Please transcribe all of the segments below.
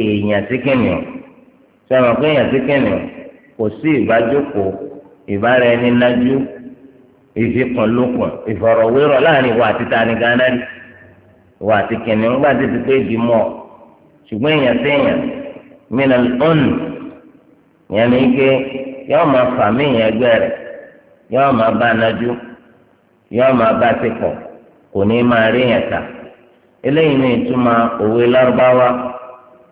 èèyàn sí kìnìún sọ̀rọ̀ pé èèyàn sí kìnìún kò sí ìbájókòó ìbára ẹni nájú ìfikùnlukùn ìfọ̀rọ̀wérọ̀ láàrin ìwà àti tani gánà rí ìwà àti kìnìún gbà títí pé di mọ́ ṣùgbọ́n èèyàn sí èèyàn mìíràn ọ̀nù ni fà mí ìyẹn bá nájú bá kò ní máa rí yẹn ta eléyìí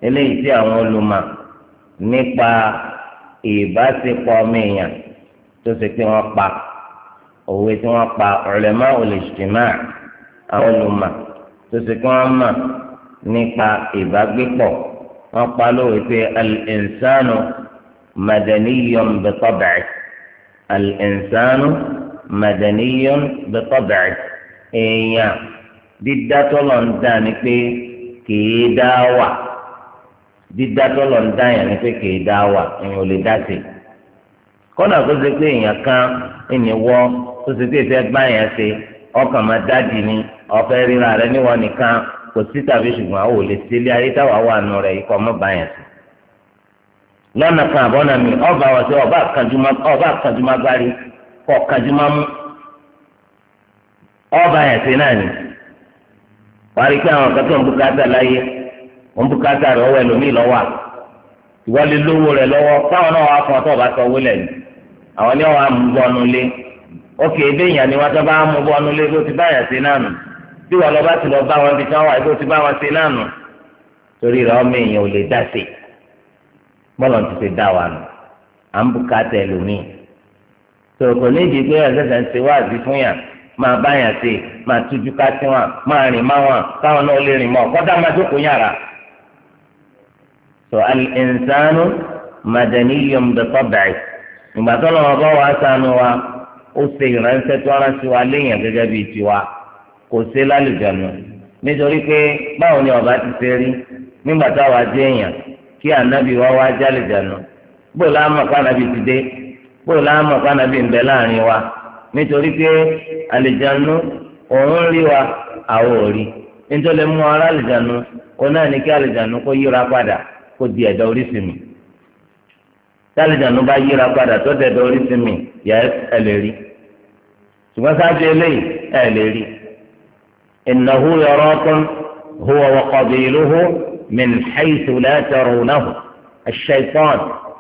eléyìí tí àwọn olùmọ̀ nípa ìbáṣepọ̀ ọmọ èèyàn tó ṣe pé wọ́n pa òwe tí wọ́n pa ulama al-ijtima' àwọn olùmọ̀ tó ṣe pé wọ́n mọ̀ nípa ìbágbépọ̀ wọ́n pa lówe pé al-insanu madaniyyun bi tab'i al èèyàn dídá tọ́lọ̀ ń dá ni pé kì í dá wà. dídá tọ́lọ̀ ń dá yẹn ni pé kì í dá wà ẹ̀yìn ò lè dá sí i kọ́nà tó ṣe pé èèyàn kan ènìyàn wọ́ tó ṣe pé ìfẹ́ yẹn ṣe ọkàn máa ni ọ̀fẹ́ ríra rẹ níwọ̀n nìkan kò sí tàbí ṣùgbọ́n àwọn ò lè sílé ayé táwa wà nù rẹ̀ ikọ̀ mọ́ bá yẹn sí. lọ́nà kan àbọ̀nà mi ọba wọ̀ sí ọba àkànjúmọ́ kọ̀ ọba yẹn sí wọn bùkátà rẹ ọwọ ẹlòmíì lọ́wọ́ ìwọ lè lówó rẹ náà fún ọ tó àwọn ni wọn mú bọ́ọ̀nù lé ókè ni wọn tó bá mú lé ti bá yàn sí náà bí wọn lọ bá ti lọ bá wọn bí táwọn ti bá wọn sí torí rẹ ọmọ èèyàn ò lè dá sí ti ti dá wa nù à ń ẹlòmíì kò ní ìdí pé ń ṣe fún yàn máa bá yàn sí máa tó alìǹsánú madaniyun bẹ́tọ́bẹ̀ẹ́ ìgbà tó lọ́wọ́ bá wàá sànù wa ó ṣe ìránṣẹ́ tó ránṣẹ́ wa léèyàn gẹ́gẹ́ bíi tiwa kò ṣe lálùjọ̀nù nítorí pé báwo ni ọba ti ṣe rí nígbà èèyàn kí ànábì wa wá bó ànábì ti dé bó ànábì ń bẹ láàrin wa nítorí pé àlùjọ̀nù òun rí wa àwọn rí nítorí mú ara ó náà ní kí kó kó di ẹ̀dá oríṣi mi tálíjànú bá yíra padà tó dẹ̀dá oríṣi mi yẹ ẹ lè rí ṣùgbọ́n sáájú eléyìí ẹ lè rí innahu yarakum huwa wa qabiluhu min haythu la tarawnahu ash-shaytan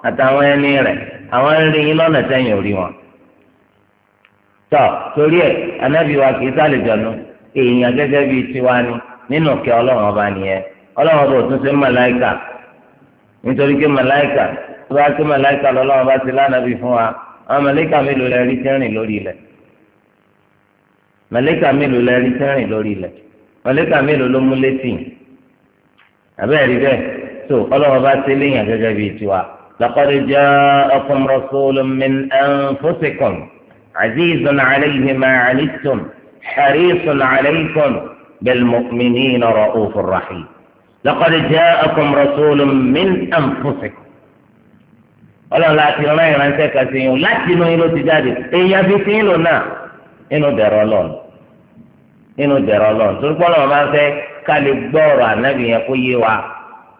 àtàwọn ẹni rẹ̀ àwọn ń rí yín lọ́nà sẹ́yìn orí wọn. tọ́ torí ẹ̀ anábì wa kì í sálìjọ́nu èèyàn gẹ́gẹ́ bíi tiwa ni nínú kí ọlọ́run ọba nìyẹn ọlọ́run ọba ò nítorí pé màláìkà tó bá ké màláìkà lọ́lọ́wọ́ bá ti lánàbí fún wa àwọn màláìkà mélòó lẹ rí tẹ́rìn lórí ilẹ̀ màláìkà mélòó lẹ rí tẹ́rìn lórí ilẹ̀ màláìkà mélòó ló mú létí àbẹ́ẹ̀ rí bẹ́ẹ̀ tó ọlọ́wọ́ bá ti léyìn gẹ́gẹ́ bíi tiwa lọ́kọ́dé laqad ja'akum rasulun min anfusikum azizun alayhi ma 'anittum harisun alaykum bil mu'minina ra'ufur rahim. laqad ja'akum rasulun min anfusikum ọlọ́run láti rán ìránṣẹ́ kan sí yín láti inú yín ló ti jáde èèyàn fi sí yín lò náà inú dẹ̀rọ lọ́n inú dẹ̀rọ lọ́n torí pé ọlọ́run bá ń fẹ́ ká lè gbọ́ ọ̀rọ̀ ànábì yẹn kó yé wa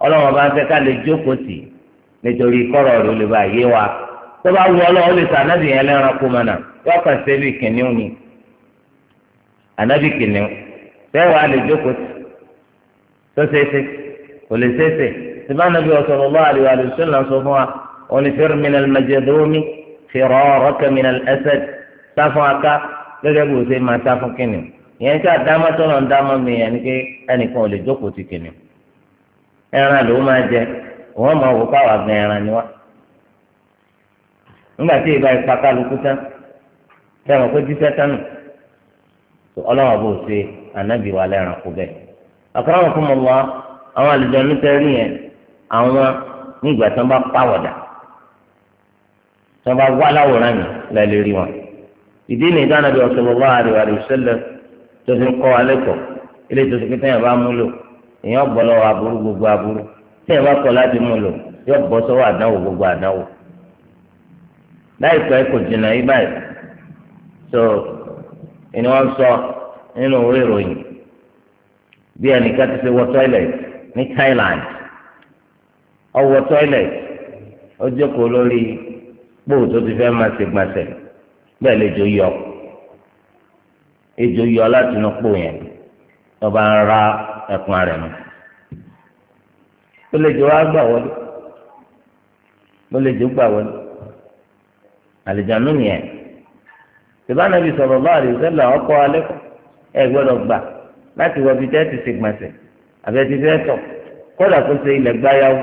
ọlọ́run bá ń fẹ́ ká lè jókòó tì nítorí kọ́rọ̀ rẹ̀ lè bá yé wa tó bá wù ọlọ́run lè sọ ànábì yẹn lẹ́ran kó mọ́nà wọ́n kàn ṣe bí kìnìún ni ànábì kìnìún fẹ́ wàá lè jókòó tì sọ́sẹ́sẹ́ kò lè sẹ́sẹ́ ṣùgbọ́n nàbí ọ̀sọ̀rọ̀ lọ́wọ́ àlè àlè sọ́nà sọ fún wa òní fẹ́rẹ̀ mi nàl mẹjẹdómi fẹ́rọ̀ ọ̀rọ̀kẹ́ mi nàl ẹsẹ̀ sá fún aká gẹ́gẹ́ bó ṣe máa sá fún kìnnì ìyẹn tí àdámọ́ tọ́nà ń mi yẹn ni ẹnìkan ò lè jókòó ti kìnnì ẹran ló máa jẹ òun máa wò káwá gan ẹran ni wá nígbà tí ìbá ipa kálukú tán tẹ́ wọn pé jíṣẹ́ tánù ọlọ́wọ́ bó ṣe ànábìwá lẹ́ran bẹ́ẹ̀ àkàràwọ̀ fún mọ̀ wá àwọn àlejò onítẹ̀rí yẹn àwọn ní ìgbà tí wọ́n bá pàwọ̀dà tí wọ́n bá wá láwòrán yẹn lẹ́lẹ́ rí wọn. ìdí ni ìdáná bí ọ̀sẹ̀ bọ̀bá àríwá rẹ̀ sẹ́lẹ̀ tó fi ń kọ́ alẹ́ kọ̀ ilé tó ti fi tẹ́yìn bá mú lò èèyàn bọ̀ lọ́wọ́ aburú gbogbo aburú tẹ́yìn bá kọ̀ láti mú lò yóò bọ́ sọ́wọ́ àdánwò gbogbo àdánwò. láìpẹ́ kò jìnnà yí báyìí so ìní wọ́n sọ nínú òwe ìròyìn bí ẹnìkan ti ṣe wọ toilet ní Thailand ó toilet ó jókòó lórí kpóò tó ti fẹ́ máa ṣe gbàṣẹ bẹ́ẹ̀ lè jó yọ ejò yọ láti inú kpóò yẹn lọ́ba ń ra ẹ̀kún rẹ̀ mu ó lè jó wá gbà wọlé ó lè jó gbà wọlé àlìjánu nìyẹn tìbánabi sọ̀rọ̀ bá àdìsẹ́lẹ̀ ọkọ̀ alẹ́ kọ́ ẹ gbà láti wọ ibi tẹ́tì sègbọ̀nsẹ̀ àbẹ̀tì fẹ́tọ̀ kódà kó ṣe ilẹ̀ gbáyàwó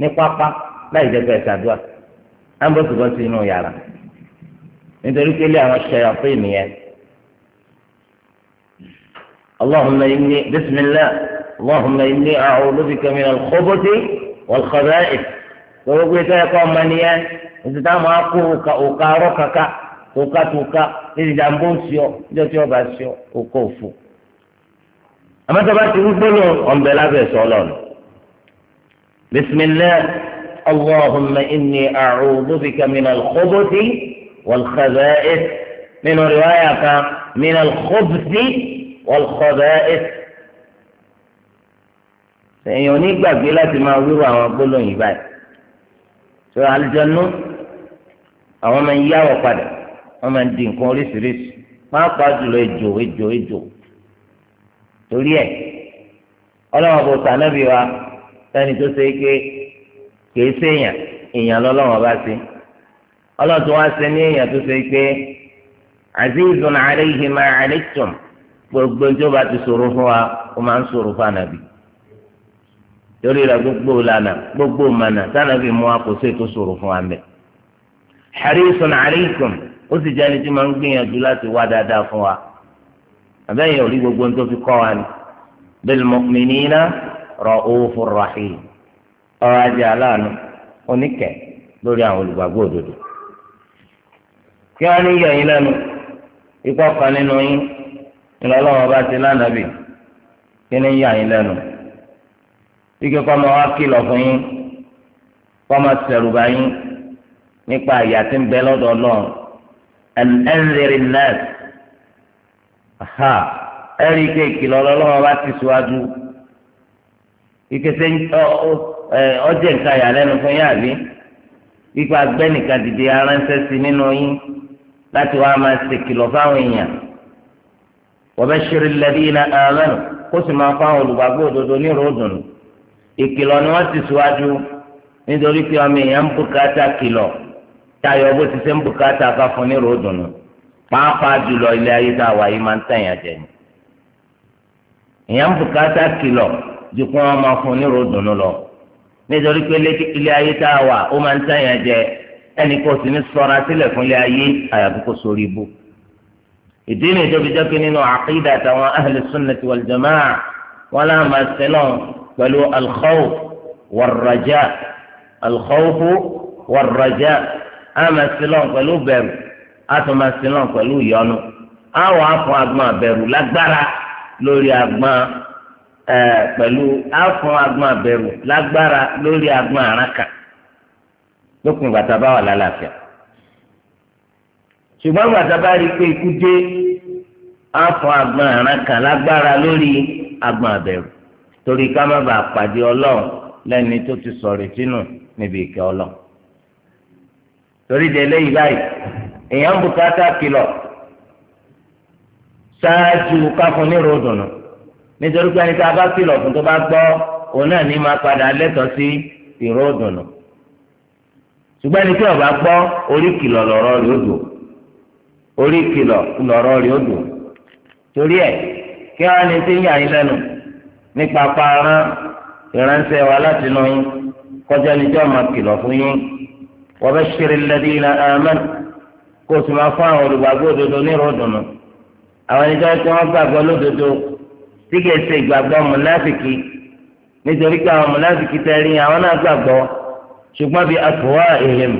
ní pápá láì jẹ́ bẹ́ẹ̀ sàdúrà á ń bọ́ sùgbọ́n sí inú yàrá nítorí pé ilé àwọn ṣẹ̀yà fún ìnìyẹn. اللهم إني بسم الله اللهم إني أعوذ بك من الخبث والخبائث gbogbo ìtọ́ ẹ̀kọ́ ọmọ nìyẹn ètò táwọn akó òkà ọ̀rọ̀ kàkà tòkàtòkà èdè ìjàmbó ń àmọ́ tó bá ti wí gbólóhùn ọ̀nbẹ lábẹ́ sọ lọ́nà bisimilah allahumma inni a'udhu bika min al-khubuthi wal-khaba'ith nínú riwaayà kan min al-khubuthi wal-khaba'ith èèyàn onígbàgbé láti máa wíwọ àwọn gbólóhùn yìí báyìí tó àlùjànnú àwọn máa ń yáwọ padà wọn máa ń di nǹkan oríṣiríṣi máa pa jùlọ ejò ejò ejò. torí ẹ̀ ọlọ́wọ́ bó sànẹ́bí wa sẹ́ni tó ṣe pé kìí ṣe èèyàn èèyàn lọ́lọ́wọ́ bá ṣe ọlọ́wọ́ tó wá ṣe ní èèyàn tó ṣe azizun ma gbogbo bá ti ṣòro fún wa ó máa ń ṣòro fún torí gbogbo lànà gbogbo mànà sànẹ́bí mu wa kò sí fún wa mẹ́ harisun ó àbẹ́yẹ ò rí gbogbo ohun tó fi kọ́ wa ni bil mu'minina ra'ufur rahim ọ̀rọ̀ ajé aláàánú oníkẹ̀ lórí àwọn olùgbàgbọ́ òdodo. kí wọ́n ní yọ̀ yín lẹ́nu ikọ́ kan nínú yín ìlọ́lọ́wọ́ bá ti lánàbì kí ní yọ̀ lẹ́nu. ike kọ́ ma wá kìlọ̀ fún yín kọ́ ma sẹ̀rùbà yín nípa àyà tí ń bẹ lọ́dọ̀ ọlọ́run ẹ̀ńdẹ̀rì nẹ́ẹ̀sì. ha ẹ̀rí ike ìkìlọ̀ ọlọ́wọ́ bá ti síwájú ìkẹsẹ̀ ọjẹ́ nǹkan ìyàlẹ́nu fún yín àbí ipa gbẹ́nìkan dìde aránṣẹ́ sí nínú yín láti wá máa ṣèkìlọ̀ fáwọn èèyàn wọ́n bẹ́ ṣeré lẹ́bí iná àmẹ́nu kó sì máa fáwọn olùgbàgbọ́ òdodo ní ròdùn ìkìlọ̀ ni wọ́n ti síwájú nítorí pé ọmọ èèyàn ń bùkátà pàápàá jùlọ ilé ayé tá a wà yìí máa ń tẹ̀yàn jẹ ni èèyàn bùkátà kìlọ̀ ju kí wọ́n máa fún ní ròdùnú lọ nítorí pé ilé ayé tá a wà ó máa ń tẹ̀yàn jẹ ẹnì kò sì ní sọra sílẹ̀ fún ilé ayé àyàfi kó sórí ibú ìdí ni ìjọba ìjọba nínú àkídà àtàwọn ahli sunnati wal jamaa wọn náà máa sẹ́nà pẹ̀lú al-khawf war àtúmọ̀ sí náà pẹ̀lú ìyọnu afọ agbọn àbẹ̀rù lágbára lórí agbọn ẹ pẹ̀lú afọ agbọn àbẹ̀rù lágbára lórí agbọn àràkà lókun bàtà bá wà lálàáfíà ṣùgbọ́n bàtà rí pé ikú dé afọ agbọn araka lagbara lórí agbọn àbẹ̀rù torí ká má bàa pàdé ọlọ́run lẹ́ni tó ti sọ̀rọ̀ sínú níbi ìkẹ́ ọlọ́run torí de eléyìí báyìí. èèyàn ń bùkátà kìlọ̀ ṣáájú káfún ní ròdùnú nítorí pé ẹni tá a bá kìlọ̀ fún tó bá gbọ́ òun náà ní máa padà lẹ́tọ̀ọ́ sí ìròdùnú ṣùgbọ́n ẹni tí ó bá gbọ́ orí kìlọ̀ lọ̀rọ̀ rí odò orí kìlọ̀ lọ̀rọ̀ rí odò torí ẹ̀ kí wọ́n ní tí ń yín lẹ́nu nípa paarán ìránṣẹ́ wa láti nù yín kọjá ní tí kìlọ̀ fún yín wa bashiril ladina amanu kó o sì máa fún àwọn olùgbàgbọ́ òdodo ní ìrọ̀dùnú àwọn ẹni tó ń pẹ́ wọ́n gbàgbọ́ lódodo tí kìí ṣe ìgbàgbọ́ mùnáfìkì nítorí pé àwọn mùnáfìkì tẹ̀lé àwọn náà gbàgbọ́ ṣùgbọ́n bíi àtúwá èhìm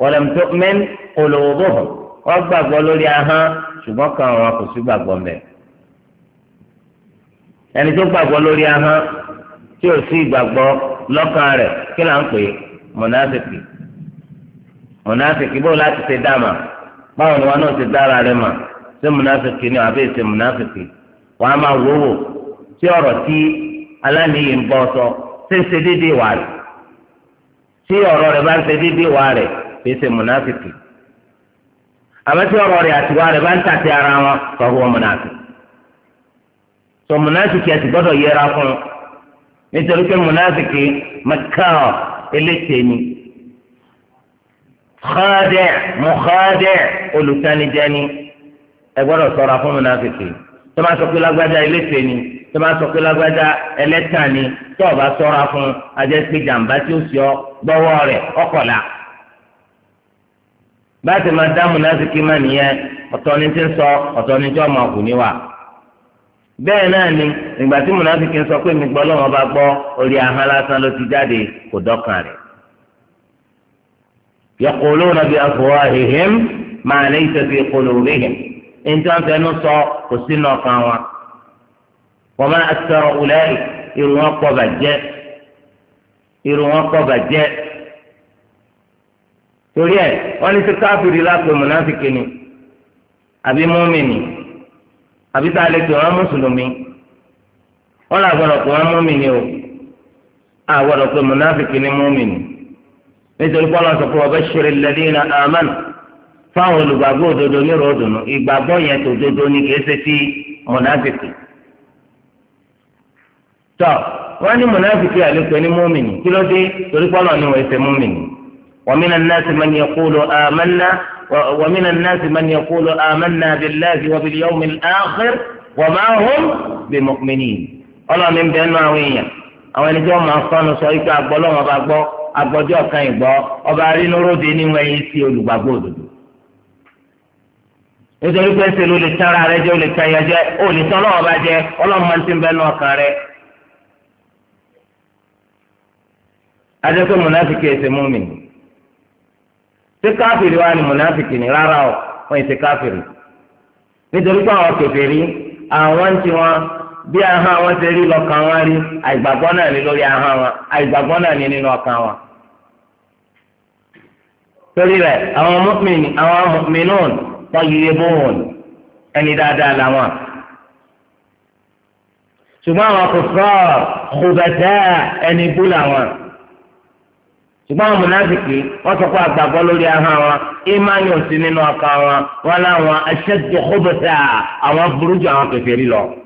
wọ̀lẹ̀mtọ́ mẹ́n olówó wọ́n gbàgbọ́ lórí ahọ́n ṣùgbọ́n kan àwọn kò sí gbàgbọ́ mẹ́ ẹni tó gbàgbọ́ lórí ahọ́n tí ò sí ìgbàgbọ́ lọ́kàn rẹ̀ kí là ń pè mùnáfìkì mùnáfìkì bó láti ṣe dáàmà báwo ni wọn náà ti dára rẹ mà ṣé múnáfíkì ni àbí ṣe múnáfíkì wọn á máa wówó tí ọ̀rọ̀ tí aláníyì ń bọ́ sọ ṣé ń ṣe déédéé wà rẹ̀ tí ọ̀rọ̀ rẹ̀ bá ń ṣe déédéé wà rẹ̀ kì í ṣe múnáfíkì àmọ́ tí ọ̀rọ̀ rẹ̀ àtiwá rẹ̀ bá ń tàtí ara wọn sọ̀rọ̀ wọn múnáfíkì sọ múnáfíkì àti gbọ́dọ̀ yẹra fún un nítorí pé múnáfíkì mẹ́kà eléte ni. xaadẹ mọ̀xaadẹ olùtanijẹni ẹ gbọ́dọ̀ ṣọ́ra fún munafiki tó máa sọ pé lágbájá eléte ni tọba máa sọ pé ni o fún ajẹ́ pé tí ó sì ọ gbọ́wọ́ rẹ̀ báyìí máa dá munafiki má nìyẹn ọ̀tọ̀ ni ti ń sọ ọ̀tọ̀ ni tí ọmọ ọ̀gùn níwà. bẹ́ẹ̀ náà ni ti jáde yaquluna bi afwahihim ma laysa fi qulubihim ẹni tí wọ́n fẹnu sọ kò sínú wa ma akthara ulai irun wọn pọ̀ bàjẹ́ irun wọn pọ̀ bàjẹ́ torí ẹ̀ wọ́n ní ti káfíìrì lápò mùnáfíkì a nítorí pé ọlọ́sọ̀ pé ọbẹ̀ ṣeré lẹ́dí iná àmánù fáwọn olùgbàgbọ́ òdodo ní ròdùnú ìgbàgbọ́ yẹn tó dodo ní kìí ṣe ti mọ̀nàfìkì. tọ́ wọ́n ní mọ̀nàfìkì àlékún ní mọ́mìnì kí ló dé torí pé ọlọ́ọ̀ni wọ́n ṣe mọ́mìnì. ومن الناس من يقول آمنا ومن الناس من يقول آمنا بالله وباليوم الآخر وما هم بمؤمنين. ọlọ́ọ̀ni ń bẹ́ẹ̀ náà àwọn èèyàn àwọn ẹni tí wọ́n máa ń sọ́nu agbọ́jọ́ kan ìgbọ́ ọba arínúróde níwọ̀n ẹ̀yìn sí olùgbàgbọ́ òdodo. nítorí pé ṣe ló lè tán ara rẹ jẹ ó lè tán ẹyẹ jẹ ó lè tán ọlọ́wọ́ bá jẹ́ máa ń ti ọkàn rẹ. adékòó mùnáfíkì ẹ̀sẹ̀ mú mi. ṣé káfíìrì wa ni ni rárá o káfíìrì. nítorí pé àwọn àwọn ń bí ahọ́n àwọn ṣe rí lọ́kàn wọn rí àìgbàgbọ́ náà ní lórí ahọ́n wọn àìgbàgbọ́ náà ní nínú ọkàn wọn. torí rẹ àwọn mọ́mìnì àwọn mọ́mìnún wọ́n yíyé bóun ẹni dáadáa làwọn. ṣùgbọ́n àwọn kò sọ ọ̀gbẹ̀tẹ́ ẹni bú làwọn. ṣùgbọ́n àwọn wọ́n sọ àgbàgbọ́ lórí ahọ́n wọn ìmánì nínú ọkàn wọn wọn láwọn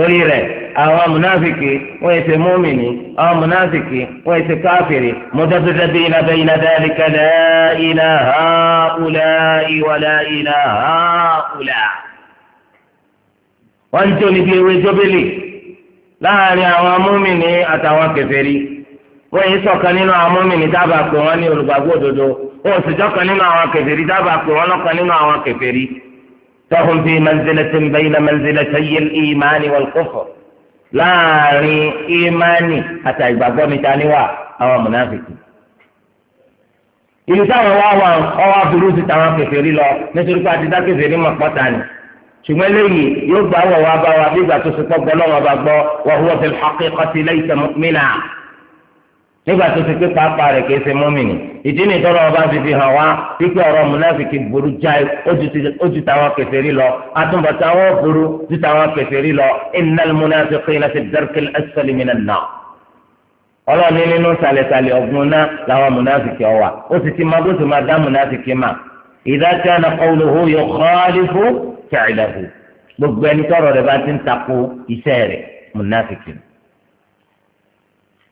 torí rẹ̀ àwọn amúnáfìkì wọ́n ẹsẹ̀ múmìnì àwọn amúnáfìkì wọ́n ẹsẹ̀ káfìrì mọ́tàtútàbí ìlàbẹ̀ ìlàdà àlìkàlẹ̀ ìlà ha ùlà ìwàlà ìlà ha ùlà. wọ́n ń tó níbi ewé jọ́bẹ́lì láàrin àwọn múmìnì àtàwọn kèfèrí wọ́n yìí sọ̀kan nínú àwọn mọ́mìnì dábàá pé wọ́n ní olùgbàgbọ́ òdodo wọ́n sì jọ́kan nínú àwọn kèfèrí dábàá pé wọ́n lọ́kan nínú àwọn kèfèrí فهم في منزلة بين منزلتي الإيمان والكفر láàrin ìmánì àti àgbàgbọ́ mi ta ni wà àwọn mùnáfìkì. ìlú táwọn wá wà ọwọ́ aburú ti tàwọn kèfèrí lọ nítorí pé àtidá kèfèrí mọ̀ pọ́tà ni. ṣùgbọ́n eléyìí yóò gbà wọ̀ wá bá wa bí ìgbà tó ṣe pọ́ gbọ́ lọ́wọ́ bá gbọ́ wa huwa fil haqiqati laysa mu'mina nígbà tó ti pé pàápàá rẹ̀ kìí ṣe mọ́mìnì ìdí ni tọ́lọ́ ọba fi fi hàn wá pípẹ́ ọ̀rọ̀ múnáfìkì burú jáì ó ju tàwọn kèfèrí lọ àtúbọ̀tá wọn burú ju tàwọn kèfèrí lọ innal munafiqina fi darkil asfali minan nar ọlọ́ọ̀ni nínú sàlẹ̀sàlẹ̀ ọ̀gbun náà làwọn múnáfìkì ọ̀wà ó sì ti máa bó ti máa dá múnáfìkì mà idha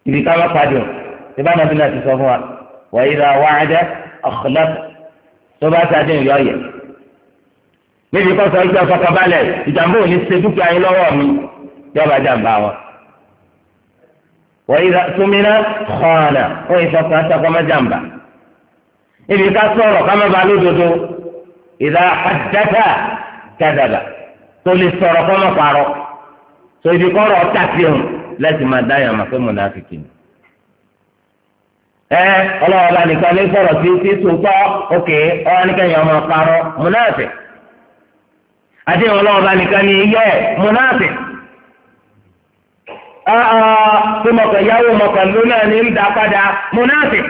ibi ká má padì o tìbá nàbí náà ti sọ fún wa wà yìí ra wá ajá ọ̀kọ̀lọ́t tó bá sáà déhùn yọ̀ọ̀yẹ̀. níbi kọ́ sọ ìjọ fọkànbalẹ̀ ìjàmbá òní ṣe dúkìá yín lọ́wọ́ mi yọba jàmbá wọn. wà yìí ra túnmínà kọ́ọ̀nà ó yìí fọkàn sọkọ́mọ́ jàmbá. níbi ká sọ̀rọ̀ ká ba lódodo ìdá àdáta kàdàbà tó lè sọ̀rọ̀ kọ́mọ́ pààrọ̀ tó ibi kọ́rọ̀ ọ̀tà fi hàn lẹ́sìn máa dáyà máa fẹ́ mọ̀nà àfikì ni ẹ ọlọ́wọ́ bá nìkan lé sọ̀rọ̀ sí sí sòótọ́ òkè ọ̀rọ̀ nìkan yẹn ọmọ parọ́ múnáàfẹ́ àti ọlọ́wọ́ bá nìkan ní yẹ múnáàfẹ́ tí ah, ah, mọ̀kàn yáwó mọ̀kàn lónà ní ń dá padà múnáàfẹ́.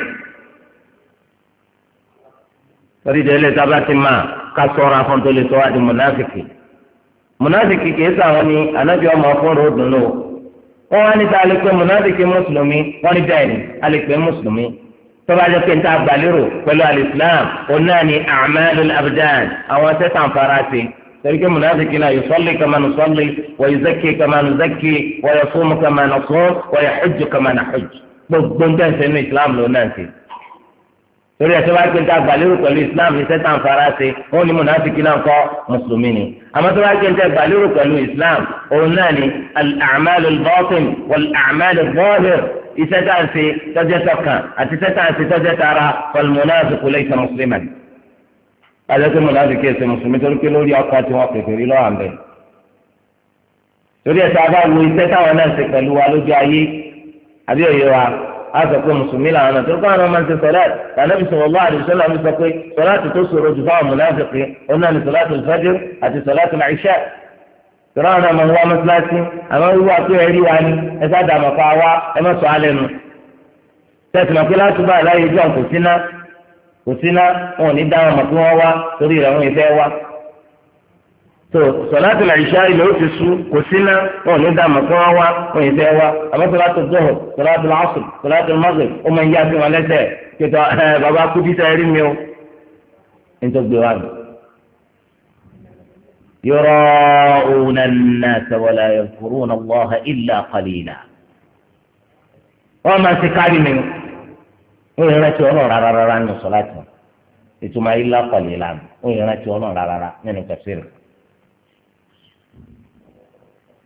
torí délé sábà ti máa ká sọ̀rọ̀ afọ́ntólé sọ́wọ́ àti múnáàfẹ́ kì múnáàfẹ́ kì kì í sàwọn ní anábìọ́mọ fúnrò dùnú wọ́n wá níta alẹ́pẹ́ mọ̀nàdìkì mùsùlùmí wọ́n ní bẹ́ẹ̀ ni alẹ́pẹ́ mùsùlùmí tọ́ba jẹ́ pé níta gbàlérò pẹ̀lú alìsílám òun náà ni amalul abdan àwọn sẹ́tàn faransé torí pé mọ̀nàdìkì náà yusalli kama nusalli wa yuzakki kama nuzakki wa yasumu kama nasum wa yahujju kama nahujju gbogbo ń tẹ̀sẹ̀ ní islam ló náà ń sè torí ẹsẹ bá gbé níta gbàlérò pẹ̀lú islam ní sẹta nfarase wọn ni mọnàfíkì náà kọ mùsùlùmí ni àmọ́ tó bá gbé níta gbàlérò pẹ̀lú islam òun náà ni al-a'malu al-batin wal-a'malu al-zahir iṣẹ́ tá à ń ṣe tọjẹ tọkàn àti iṣẹ́ tá à ń ṣe tọjẹ tara wal-munafiqu laysa musliman. adéke mọnàfíkì mùsùlùmí torí pé lórí ọkọ tí wọn pèsè rí lọ́wọ́ àmì. torí ẹsẹ abáwo iṣẹ́ táwọn náà a sọ pé mùsùlùmí làwọn náà torí káwọn máa ń ṣe sọláàtì tànàbí sallallahu alaihi wasallam sọ pé sọláàtì tó ṣòro jù fáwọn mùnáfíkì òun náà ni sọláàtì al-fajr àti sọláàtì al-isha tọ́lá ọ̀nà àmọ̀ wá mọ́sálásí àmọ́ wíwá pé ẹ rí wa ni ẹ sáàdà àmọ̀ pa wá ẹ mọ̀ sọ alẹ́ nu. tẹ̀sí mọ̀ pé látúbà láyé ìjọ kò síná kò síná wọn ò ní dáhùn mọ̀ tó sọláàtì làyíṣá ilẹ̀ ó ti sú kò síná wọn ò ní dààmú kí wọ́n wá wọn ì fẹ́ wá àmọ́ sọláàtì dọ́hùn tó sọláàtì làásù sọláàtì mọ́sù ó máa ń yá sí wọn lẹ́sẹ̀ kíkọ ẹ bàbá kú bí sẹ́rí mi o nítorí gbé wa mi. يراءون الناس ولا يذكرون الله إلا قليلا وما سكاري من ويرتي ونور رارا نصلاته إتما إلا قليلا ويرتي ونور رارا من كثير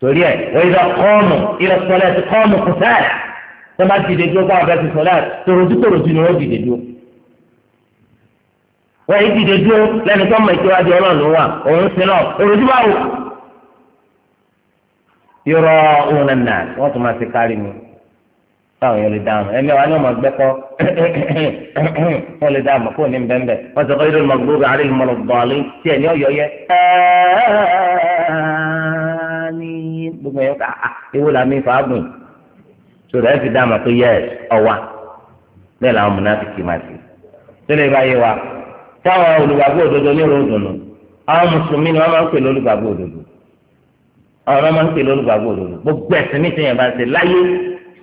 torí ẹ̀ wọ́n yíra kọ́ọ̀mù yíra sọlẹ̀ ti kọ́ọ̀mù kùsẹ́ tó bá dìde dúró bá abẹ́ ti sọlẹ̀ tòròdú tòròdú ni wọ́n dìde dúró wọ́n yí dìde dúró lẹ́nu tó mọ̀ ìkíwájú ọlọ́run wa òun sin náà tòròdú bá wò. irọ́ òun nà nà wọ́n tún máa ti kárí mi báwọn yóò lè dáhùn ẹ̀mí wa ni wọ́n máa gbẹ́kọ́ wọ́n lè dáhùn kó ní bẹ́ẹ̀ wọ́n sọ ní gbogbo ẹ̀yọ́ ká ah, ewu la mi fà á gùn sọ̀rọ̀ ẹ̀ fi dá àmọ́ pé yẹ ọ̀wà bẹ́ẹ̀ làwọn mùnàfíkì máa ti tẹ́lẹ̀ báyìí wa táwọn olùgbàgbọ́ òdodo ní ròdùnú àwọn mùsùlùmí ni wọ́n máa ń pè lólùgbàgbọ́ òdodo àwọn máa ń pè lólùgbàgbọ́ òdodo gbogbo ẹ̀sìn ní sẹ́yìn bá ṣe láyé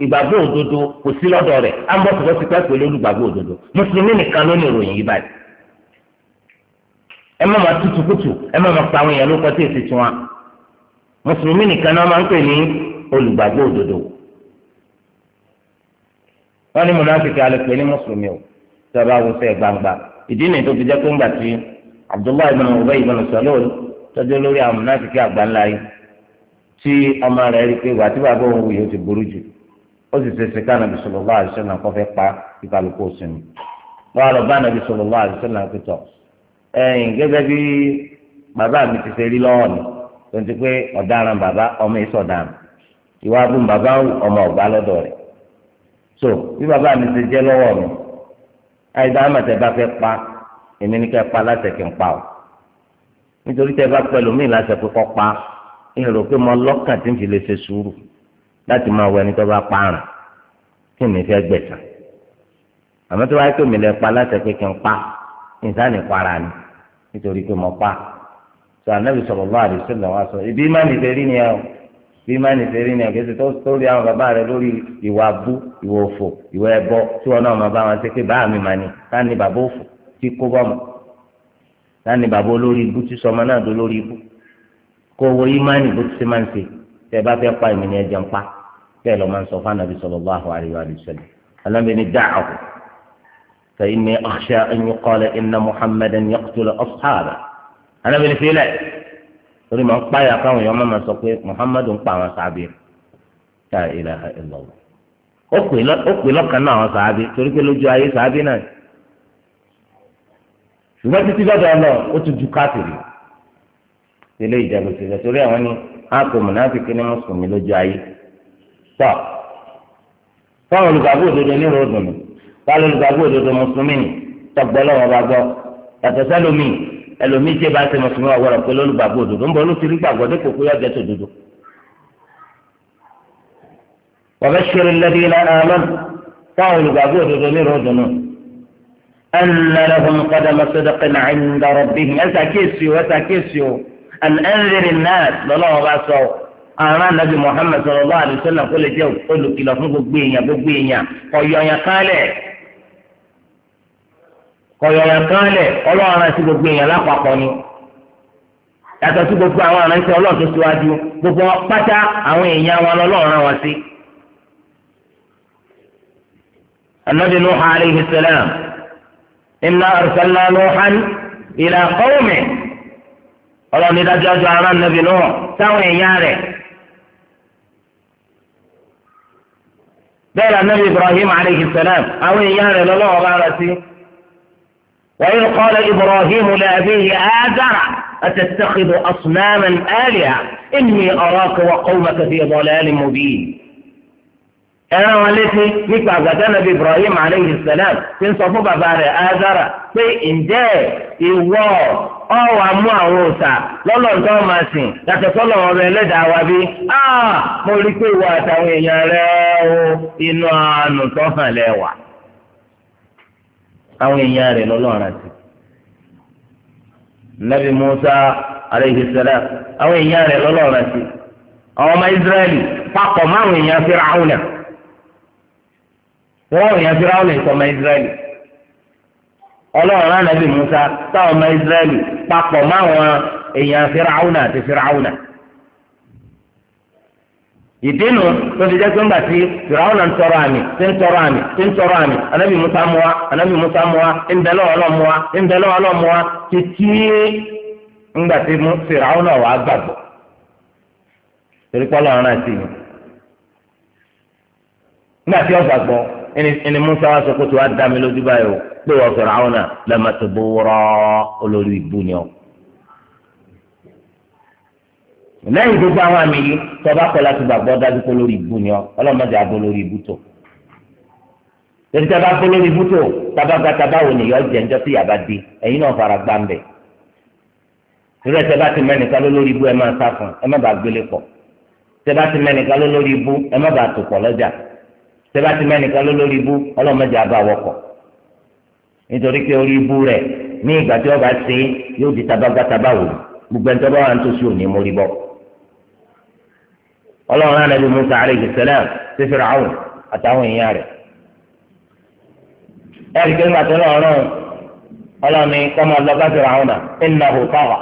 ìgbàgbọ́ òdodo kò sí lọ́dọ̀ rẹ̀ á ń bọ̀ tó ti pẹ́ pè lólùgbàgbọ́ òdodo mùsùlùmí nìkan ló ní ìròyìn yìí báyìí ẹ má máa tutù ẹ má máa pa àwọn èèyàn ló kọ́ tí èsì tiwọn mùsùlùmí nìkan náà máa ń pè ní olùgbàgbọ́ òdodo wọ́n ní mùnàfíkì alẹ́ ní mùsùlùmí o sábà gbangba ìdí nìyí tó fi jẹ́ pé ńgbà tí abdullahi ibn ubay ibn salul tọ́jú lórí àwọn mùnàfíkì àgbáńlá yìí tí ọmọ rẹ̀ rí pé bàbá òun ti burú jù ó sì ṣe ṣe káànà pa ìkàlùkù òsìn wọn bá tonti pé ọ̀daràn bàbá ọmọ ìsọ̀ dànù ìwà abúlé bàbá ọmọ ọ̀gbá lọ́dọ̀ rẹ̀ so bí bàbá mi ti jẹ́ lọ́wọ́ mi àìdá àmọ̀tẹ́ bá fẹ́ pa èmi ní kẹ́ pa láti kí n pa o nítorí tẹ́ bá pẹ̀lú mi láti pé kọ́ pa ìyẹn rò pé mo lọ́kàn tí n fi lè ṣe sùúrù láti máa wọ ẹni tó bá pa àràn tí mi fẹ́ gbẹ̀sán àmọ́ tó bá yẹ kó mi lè pa láti pé kí n pa ìsáni para ni nítorí pé mo pa sọ anabi sallallahu alaihi wasallam wá sọ ibi má ní tẹrí ni ẹ o ibi má ní tẹrí ni ẹ kí ẹ ti tó sórí àwọn bàbá rẹ lórí ìwà abú ìwà òfò ìwà ẹbọ tí wọn náà máa bá wọn ṣe pé báà mi mà ní ká ní bàbá òfò tí kó bọ́mọ ká ní bàbá olórí ibú tí sọmọ náà dó lórí ibú kó owó yìí má ní bó ti ṣe má ń ṣe tẹ bá fẹ́ pa ìmì ẹ jẹun pa bẹ́ẹ̀ lọ́ máa ń sọ fún anabi sallallahu alaihi wasallam alábẹ́ni أخشى أن يقال إن محمدا يقتل أصحابه anábìrin filẹ̀ torí màá páyà káwọn èèyàn máa sọ pé muhammadu ń pa àwọn sàábì ká ilà ìlọwọ ó pè lọ́kàn náà àwọn sàábì torí pé lójú ayé sàábì náà ṣùgbọ́n títí lọ́dọ̀ ọlọ́ ó ti ju káàkiri ilé ìjẹun ti lọ torí àwọn ni a kò mùnáfíkì ní mùsùlùmí lójú ayé tọ́ fáwọn olùgbàgbọ́ òdodo ní ròdùn fáwọn olùgbàgbọ́ òdodo mùsùlùmí tọgbọ́lọ́wọ́ bá gbọ́ yàtọ̀ sẹ́lómi ẹlòmíì tí bá ṣe mùsùlùmí ọ̀wọ́rọ̀ pé lólùgbàgbọ́ òdodo ń bọ̀ ló ti rí gbàgbọ́ dípò pé ọ̀jẹ̀ tó dodo. وبشر الذين آمنوا táwọn olùgbàgbọ́ òdodo nírò dùnú ẹnna lẹ́hùn kọ́dàmọ́ sọ́dọ̀kẹ́ náà ń darọ̀ bí i ẹ̀sà kéèsì o ẹ̀sà kéèsì o ẹ̀nẹ́rìnrìn náà lọ́lọ́wọ́ bá sọ àrùn anabi muhammed sọlọ́lá àdìsọ́nà kó lè jẹ́ olùkìlọ̀ fún gbogbo èèyàn gbogbo èèyàn ọ̀yọ̀yàn kálẹ̀ kọ̀yọ̀yàn kan lẹ̀ ọlọ́run aránsẹ́ gbogbo èèyàn lápapọ̀ ni yàtọ̀ sí gbogbo àwọn aránsẹ́ ọlọ́run tó síwájú gbogbo pátá àwọn èèyàn wọn lọ́lọ́run rán wọn sí. النبي نوح عليه السلام إنا أرسلنا نوحا إلى قومه ọlọ́run ara èèyàn bẹ́ẹ̀ la anabi Ibrahim aleyhi salam àwọn èèyàn lọ́lọ́wọ́ bá وإن قال إبراهيم لأبيه آذرا أتتخذ أصناما آلهة إني أراك وقومك في ضلال مبين أنا والتي نفع ذاتنا بإبراهيم عليه السلام في صفوبة بارة آذرا في إنجاء إيواء أو أمو أوسا لولو توماسي لا تصلوا بلد عوابي آه مولي واتوين يا لأو إنو آنو توفى لأوه àwọn èèyàn rẹ̀ lọ́lọ́run àti nabi musa aleyhi àwọn èèyàn rẹ̀ lọ́lọ́run Ọma àwọn ọmọ israẹli papọ̀ máwọn èèyàn wọ́n èèyàn ìtọ́ ọmọ israẹli nabi musa táwọn ọmọ israẹli papọ̀ èèyàn àti ìdínú ló ti jẹ́ pé ńgbà tí fìràwọ́nà ń tọrọ àmì tí ń tọrọ àmì tí ń tọrọ àmì anábì musa mú wa anábì musa mú wa ńbẹ lọ́wọ́ lọ́ mú wa ńbẹ lọ́wọ́ lọ́ mú wa títí ńgbà tí fìràwọ́nà wà gbàgbọ́ torí pọ́lọ́ ọ̀ràn sí i ńgbà tí ọ̀gbà gbọ́ ẹni musa wa sọ pé tí wàá dá mi lójú báyìí o pé wọ́n fìràwọ́nà lẹ́mọ̀tò bó wọ́rọ́ olórí ìbú ni ọ̀ lẹ́yìn gbogbo àwọn àmì yìí tọba kọ láti gbàgbọ́ dájú pé lórí ibu ni ọ ọlọ́mọdé abó lórí ibu tó tẹ̀sí tẹ́lá gbó lórí ibu tó tabagba tabawo ni yọ jẹ́ njọ́ sí yàrá di ẹ̀yin náà fara gbá ń bẹ̀ rírẹ̀ tẹ́lá ti mẹ́nìkan ló lórí ibu ẹ máa sá fún ẹ má bàa gbélé pọ̀ tẹ́lá ti mẹ́nìkan ló lórí ibu ẹ má bàa tò pọ̀ lọ́jà tẹ́lá ti mẹ́nìkan ló lórí ibu ọlọ́mọdé abá wọkọ̀ nítorí pé orí ibu rẹ̀ ní ìgbà tí wọ́n bá ṣe yóò di tabagba tabawo gbogbo ẹni tó bá wà ń ọlọ́run anabi musa aleyhi salam ti Fir'aun àtàwọn èèyàn rẹ̀ ẹ̀rí pé nígbà tó lọ́rùn ọlọ́run ní kọ́mọ lọ́ba Fir'aun náà innahu tagha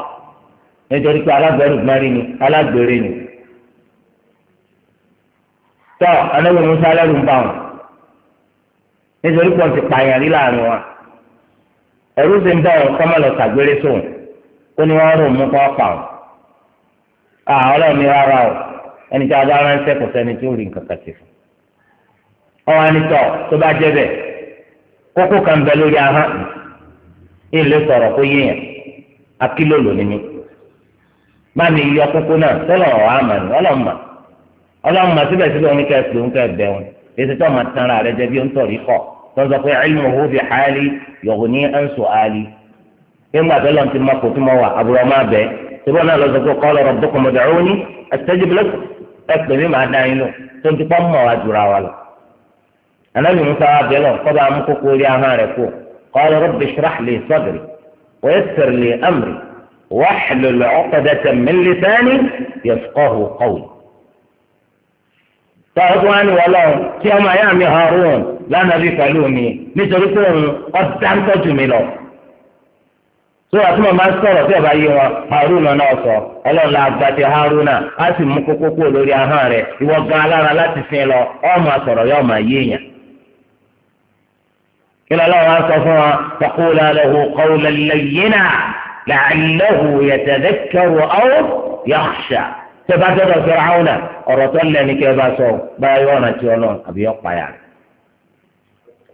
nítorí pé alágbèrè gbẹ́rì ni alágbèrè ni tọ́ anabi musa lẹ́rù ń bá wọn nítorí pé wọ́n ti pààyàn rí láàrin wọn ẹ̀rú ti ń bá wọn kọ́mọ lọ sàgbére sóun ó ní wọ́n rò mú kọ́ pa wọn àwọn ọlọ́run ní rárá o. ẹni tí a bá ránṣẹ́ kò sẹ́ni tí ó rí nǹkan kan ṣe fún ọwọ́ anitọ́ tó bá jẹ́ bẹ́ẹ̀ kókó kan bẹ lórí ahọ́n ilé sọ̀rọ̀ kó yéèyàn akílòlò ni mí bámi yọ kókó náà sọlọ ọ àmà ni ọlọmọ síbẹ̀síbẹ̀ èsì tó tán ara rẹ bí ó ń kọ an tó lọ́n ti kó tó wà àbúrò ọmọ ẹ pè mí màá dá inú tó ń ti pọ́ mọ̀ wá wa lọ. anabi musa wa bẹ́ẹ̀ lọ kọ́ bá mú kókó rí ahọ́n rẹ̀ kú qala rabbi shrah li sadri wa yassir li amri wahlul 'uqdatan min lisani yafqahu qawli. tọ́wọ́tún wá ní wọlé ọ kí ọmọ ayá mi Harun lánàá bí pẹ̀lú mi nítorí pé òun ọ̀ dáńtọ́jú mi tó wàá tí mo máa ń sọ̀rọ̀ tí ẹ bá yé wọn haruna náà sọ ọlọ́run la gbàtẹ haruna á sì mú kókó kúrò lórí ahọ́n rẹ̀ ìwọ gan alára láti fin lọ ọmọ sọ̀rọ̀ yóò máa yé èèyàn. kí ló lọ́wọ́ á sọ fún wọn faqula lahu qawlan layyina la'allahu yatadhakkaru aw yakhsha tẹ bá dọ́dọ̀ sọ̀rọ̀ àwọn ọ̀rọ̀ tó lẹ́ni kẹ́ bá sọ báyọ̀ ọ̀nà tí ọlọ́run àbí ọ̀pá yàrá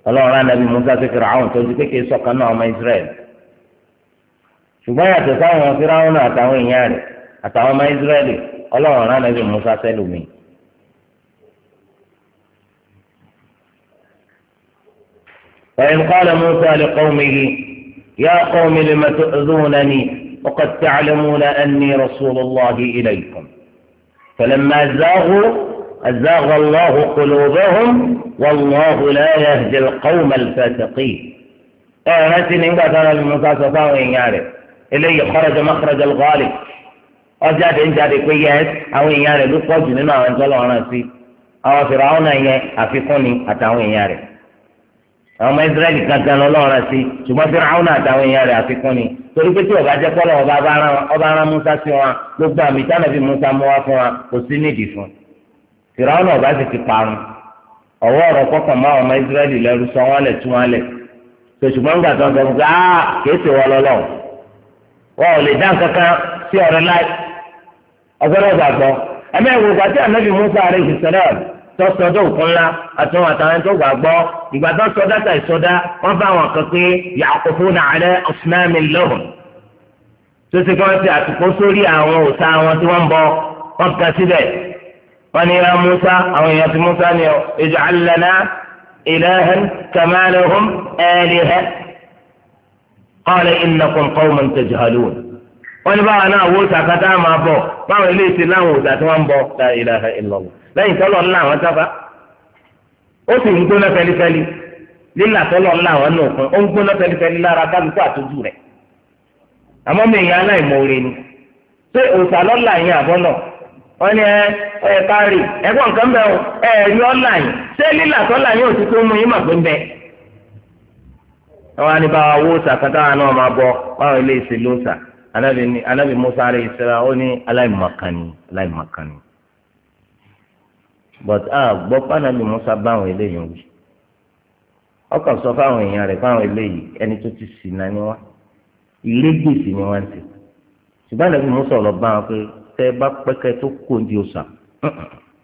ọlọ́run ṣùgbọ́n yàtọ̀ sáwọn fíráwọn àtàwọn èèyàn rẹ̀ àtàwọn ọmọ ìsírẹ́lì ọlọ́run rán nàbí musa sẹ́lùmí. وإذ قال موسى لقومه يا قوم لم تؤذونني وقد تعلمون أني رسول الله إليكم فلما زاغوا أزاغ الله قلوبهم والله لا يهدي القوم الفاسقين. أنا نسي نقطة موسى صفاوي يعني eléyìí kọ́rọ̀jọ mọ́kọ́rọ̀jọ lọ́ọ̀lì ọjàde ń jáde pé yẹ àwọn èèyàn rẹ̀ ló pọ̀ jù nínú àwọn sí àwọn yẹn àfikún ni àtàwọn èèyàn rẹ̀ àwọn ọmọ Israẹli gangan lọ sí ṣùgbọ́n fèrè àwọn náà àtàwọn èèyàn rẹ̀ àfikún ni torí pé tí ọba jẹ́ pọ́lọ́ Musa sí wọn Musa mú fún wa kò sí nídìí fún ọba sì ti parun ọwọ́ ọ̀rọ̀ kọ́kàn ọmọ Israẹli lẹ́rú sọ wọn ò lè dá nǹkankan sí ọ̀rẹ́ láì ọgbọ́dọ̀ gbàgbọ́ ẹ̀mí ẹ̀wò ìgbà tí ànábì Musa alayhi salam tó sọdọ òkun ńlá àtúnwò àtàwọn tó gbàgbọ́ ìgbà tó sọdá tà ìsọdá wọn bá wọn kan pé yaqufuna ala asnamin lahum tó ti kọ́ ti àtùkọ́ sórí àwọn òòṣà wọn tí wọ́n ń bọ wọn kan síbẹ̀ wọn ni ya Musa àwọn èèyàn ti Musa ni ij'al lana ilahan kama lahum aliha qala innakum qauman tajhalun wọ́n ní báwa náà wo sàkátà máa bọ̀ báwọn ilé ìsìn láwọn òòtà tí wọ́n ń bọ̀ la ilaha illallah lẹ́yìn tọ́lọ̀ ńlá àwọn sábà ó sì ń gbóná wọ́n ẹ ẹ kan bẹ́ẹ̀ ṣé lílà mú yín bẹ́ẹ̀ àwọn àníbá owó sàkátà náà máa bọ báwọn ilé ìsìn ló sà anábì musa rẹ ìsira ó ní aláìmọkànnì aláìmọkànnì but a gbọ́ pànàbì musa báwọn eléyìí wí ọkàn sọ fáwọn èèyàn rẹ fáwọn eléyìí ẹni tó ti sì náà ni wọn ìrégbèsì ni wọn ti ṣùgbọ́n anábì musa lọ bá wọn pé tẹ bá pẹ́kẹ́ tó kó di òòsàn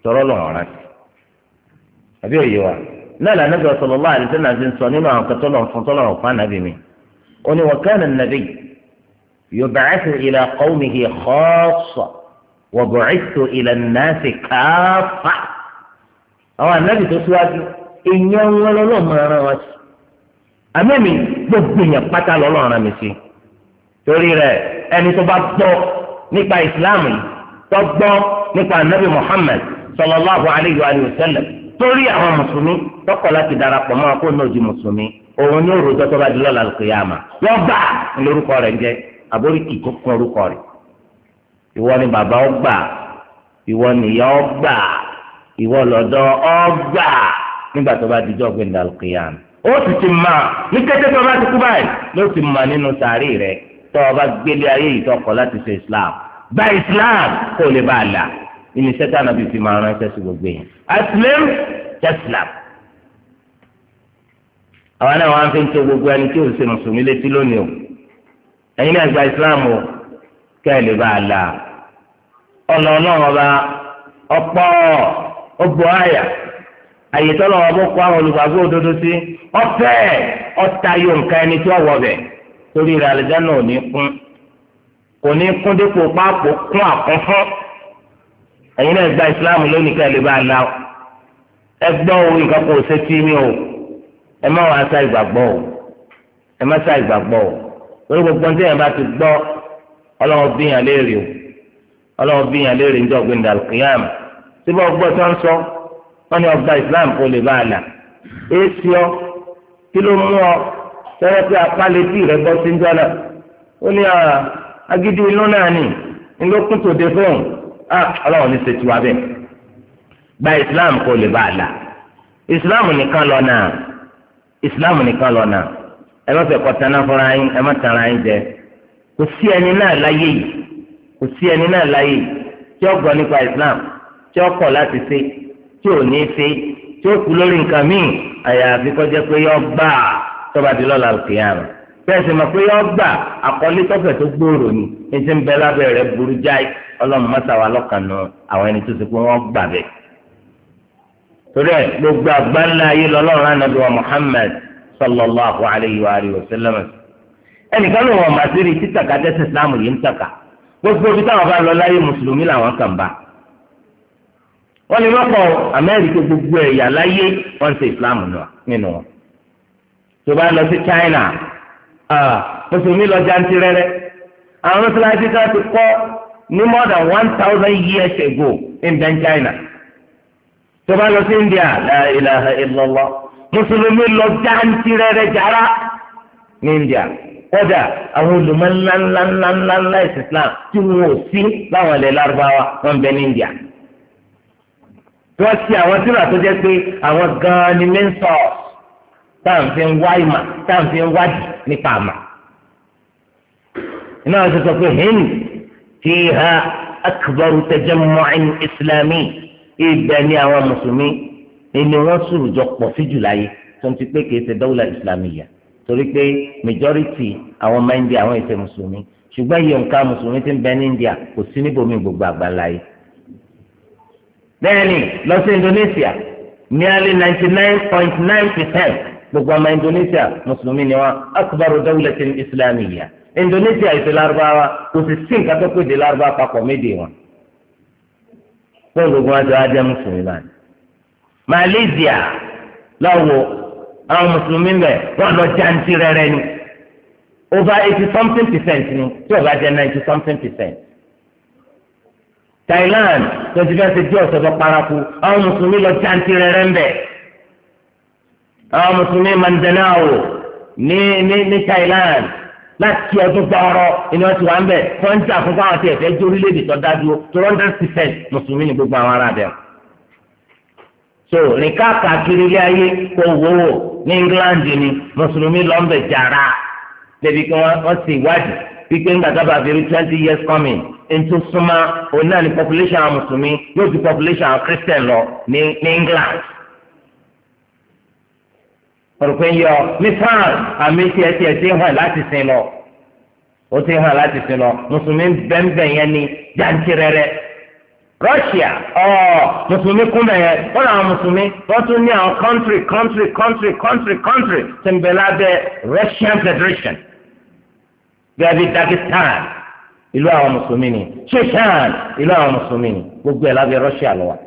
tọrọ lọ́wọ́ rà sí àbí òye wa. náà lànà bí ọsọ lọlá àlejò náà ti ń sọ nínú àwọn kẹtọ lọrùn fún tọlọrùn fún ànábì mi ó ní wọn kánà nàbí yub'athu ila qawmihi khassa wa bu'ithtu ila an-nasi kaffa àwọn ànábì tó síwájú èèyàn wọn lọlọmọ ara wọn sí àmẹ́mi gbogbo èèyàn pátá lọ́lọ́run àmì sí torí rẹ ẹni tó bá gbọ́ nípa ìsìláàmù tó gbọ́ nípa ànábì Muhammad sallallahu alayhi wa sallam torí àwọn mùsùlùmí tọkọ láti darapọ̀ mọ́ akó náà ju mùsùlùmí òun ní òròjọ́ tó bá di lọ́la al-qiyama wọ́n bá lórúkọ rẹ̀ jẹ́ àbóríkì tó kún orúkọ rẹ̀ ìwọ ni bàbá ó gbà ìwọ nìyá ó gbà ìwọ lọ́dọ̀ ó gbà nígbà tó bá di jọ́ gbé ndàlù ó sì ti mà ní kété tó bá ti kú báyìí ló ti mà nínú sàárì rẹ̀ tó o bá gbélé ayé yìí tọkọ láti ṣe islam gba islam kó o lè bá a là ìníṣẹ́ tí a fi máa ránṣẹ́ sí gbogbo yẹn. aslim taslam àwọn náà wọn fi ń tó gbogbo ẹni tí o ṣe mùsùlùmí létí lónìí o ẹ̀yin náà gba islam o kẹ́ ẹ lè bá a là ọba ọpọ ọbọ àyà àyè tọ́lọ̀ ọba kó àwọn olùgbàgbọ́ òdodo sí ọ̀fẹ́ ọ̀tá yóò ẹni tí ọ̀wọ́ bẹ̀ torí ò ní ẹ̀yin náà gba ìsìláàmù lónìí ká lè bá a náà ẹ gbọ́ o nǹkan kò ṣe tí mi o ẹ má wàá sá ìgbàgbọ́ o ẹ má sá ìgbàgbọ́ o lórí gbogbo ní ẹ̀yìn bá ti gbọ́ ọlọ́wọ́ bíyàn léèrè o ọlọ́wọ́ bíyàn léèrè níjọ́ gbé ndàlù kìyàmù tí ọgbọ́ tó ń sọ wọ́n ní ọgbà ìsìláàmù kò lè bá a là èsì ọ kí ló mú ọ sọ́wọ́ pé apálẹ́tì rẹ gbọ́ sí ń jọ́ náà ó ní ah, agídí inú náà nì ńlọ́kùn tòde fóun Ah, ọlọ́run ní ṣe tiwa bẹ́ẹ̀ gba islam kó lè bá a la islam nìkan lọ náà islam nìkan lọ náà ẹ má fẹ́ kọ́ tán náà fúnra yín ẹ má tán ara yín jẹ kò sí ẹni náà láyé yìí kò sí ẹni náà láyé yìí tí ó gbọ́ nípa islam tí ó kọ̀ láti ṣe tí ò ní ṣe tí ó kú lórí nǹkan míì àyàfi kọjá pé yọ gbà tó bá di lọ́la kìíyàrá. tẹ̀sí ma pé yọ gbà àkọlé tọ́fẹ̀ tó gbòòrò ni ẹsẹ̀ ń bẹ lábẹ́ rẹ̀ burú jáì ọlọ́run mọ́tàwá lọ́kànnà àwọn ẹni tó ti pé gbà torí ẹ gbogbo àgbáńlá ayé lọ́lọ́run ànábì wa Muhammad sallallahu alayhi wa alihi wa ẹnìkan ló islam gbogbo táwọn bá lọ láyé mùsùlùmí làwọn kàn bá. gbogbo láyé islam Ah, mùsùlùmí lọ jantì rẹrẹ àwọn mùsùlùmí kan ti kọ́ ní more than one thousand years ago in then China tó bá lọ sí India la ilaha illallah mùsùlùmí lọ jantì rẹrẹ jara ní India kódà àwọn olùmọ̀ ńlá ńlá ńlá ńlá ńlá ẹ̀sìn Islam tí wọn ò sí láwọn ilẹ̀ Lárúbáwá wọn bẹ ní India wọ́n ti àwọn tíra tó jẹ́ pé àwọn gan-an ni main source táà ń fi ń wá ìmà táà ń fi ń wádìí nípa àmà iná wọn ti sọ pé hẹ́nì fi ha akbaru tajammu'in islami ibẹ̀ ni àwọn mùsùlùmí ni wọ́n sùrùjọ pọ̀ sí jùláyé tó ń ti pé kìí ṣe dawla islamiyya torí pé majority àwọn ọmọ india àwọn ìṣe mùsùlùmí ṣùgbọ́n iye nǹkan mùsùlùmí ti ń bẹ ní india kò sí níbòmí gbogbo àgbáláyé. bẹ́ẹ̀ lọ sí indonesia nearly ninety nine point nine percent gbogbo ọmọ Indonesia mùsùlùmí ni wọn akubaru dawlatin islamiyya Indonesia ètò Lárúbáwá kò sì sí nǹkan tó pé de Lárúbáwá papọ̀ méde wọn fún gbogbo wọn tó wá mùsùlùmí báyìí Malaysia lọ́wọ́ àwọn mùsùlùmí bẹ̀ wọ́n lọ jáǹtì rẹ́rẹ́ ni over eighty something percent ni tí o bá jẹ́ ninety something percent. Thailand tó ti fẹ́ ṣe díẹ̀ ọ̀sẹ̀ bọ́ paraku àwọn mùsùlùmí lọ jáǹtì rẹ́rẹ́ ń bẹ̀ àwọn mùsùlùmí Mindanao ní ní ní Thailand láti ọdún gbọọrọ ni wọn ti wà ń bẹ wọn ń jà fún báwọn ti ẹfẹ jẹ orílẹ̀-èdè tó dájú tó hundred percent mùsùlùmí ni gbogbo àwọn ará bẹ. so ní káàkiri ilé ayé kó wòwò ní England ni mùsùlùmí lọ ń bẹ jàrá débi kí wọn wọn sì wádìí pípé ńgbà dábàá twenty years coming ètò súnmọ́ òun náà ni population àwọn mùsùlùmí yóò ju population àwọn Christian lọ ní ní England òrùpẹ́ yọ mísàn àmì tiẹ̀ tiẹ̀ ti hàn láti sin lọ ó ti hàn láti sin lọ mùsùlùmí bẹ́ẹ̀nbẹ́ẹ̀ yẹn ni jàǹtìrẹrẹ Russia ọ mùsùlùmí kúnbẹ̀ yẹn wọ́n làwọn mùsùlùmí wọ́n tún ní àwọn country country country country country ti ń bẹ lábẹ́ Russian Federation gẹ́gẹ́ Dagestan ìlú àwọn mùsùlùmí ni Chechen ìlú àwọn mùsùlùmí ni gbogbo ẹ̀ lábẹ́ Russia lọ́wọ́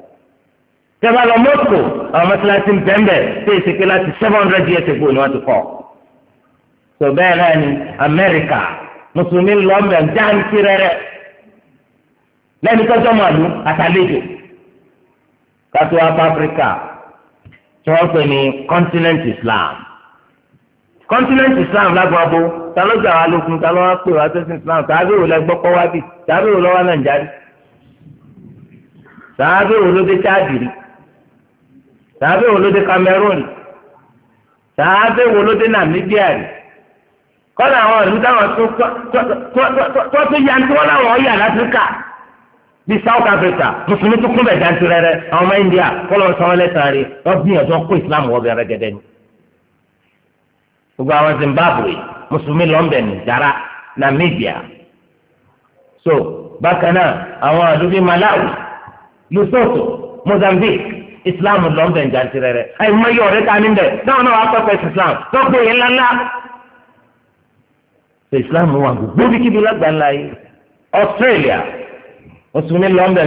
tẹ́lá lọ mọ́tò àwọn mọ́tíláṣí ń bẹ́ńbẹ́ tó èsì pé láti seven hundred years ago ni wọ́n ti kọ́ tó bẹ́ẹ̀ náà ni Amẹ́ríkà mùsùlùmí lọ́mbẹ̀ ń já ń kí rẹ́rẹ́ lẹ́nu tọ́jọ́ màlúù àtàlejò kátó wá fún Áfíríkà tí wọ́n pè ní continent Islam continent Islam lágbàbó ta ló gbà wá lókun ta ló wá pè wá sẹ́sìn Islam tàbí òun lẹ́gbọ́ kọ́ wá bì tàbí òun lọ́wọ́ Nàìjíríà tàbí òun ló dé Chad rí sàábé wo ló dé Cameroon sàábé wo ló dé Namibia rí kọ́lá àwọn ìlú táwọn tó tó yantí wọn láwọn yà láfíríkà bí South Africa mùsùlùmí tó kún bẹ̀ jantí rẹ̀ àwọn ọmọ India kọ́lá wọn sanwó lẹ́sàn-án rí wọ́n gbìyànjú kó Islam wọ́ bẹ̀rẹ̀ gẹ́gẹ́ ni gbogbo àwọn Zimbabwe mùsùlùmí London, Jara, Namibia so bákan náà àwọn àdúgbò Malawi Lesotho Mozambique islam lọ ń bẹ̀ ń jantsi rẹ rẹ ẹ mọ iye ọ̀rẹ́ ta ni bẹ̀ náà náà wàá pẹ́pẹ́ sí islam lọ́pẹ́ yẹn ńláńlá. ṣe islam wà gbogbo bíkíbi lágbàńlá yìí australia mùsùlùmí lọ ń bẹ̀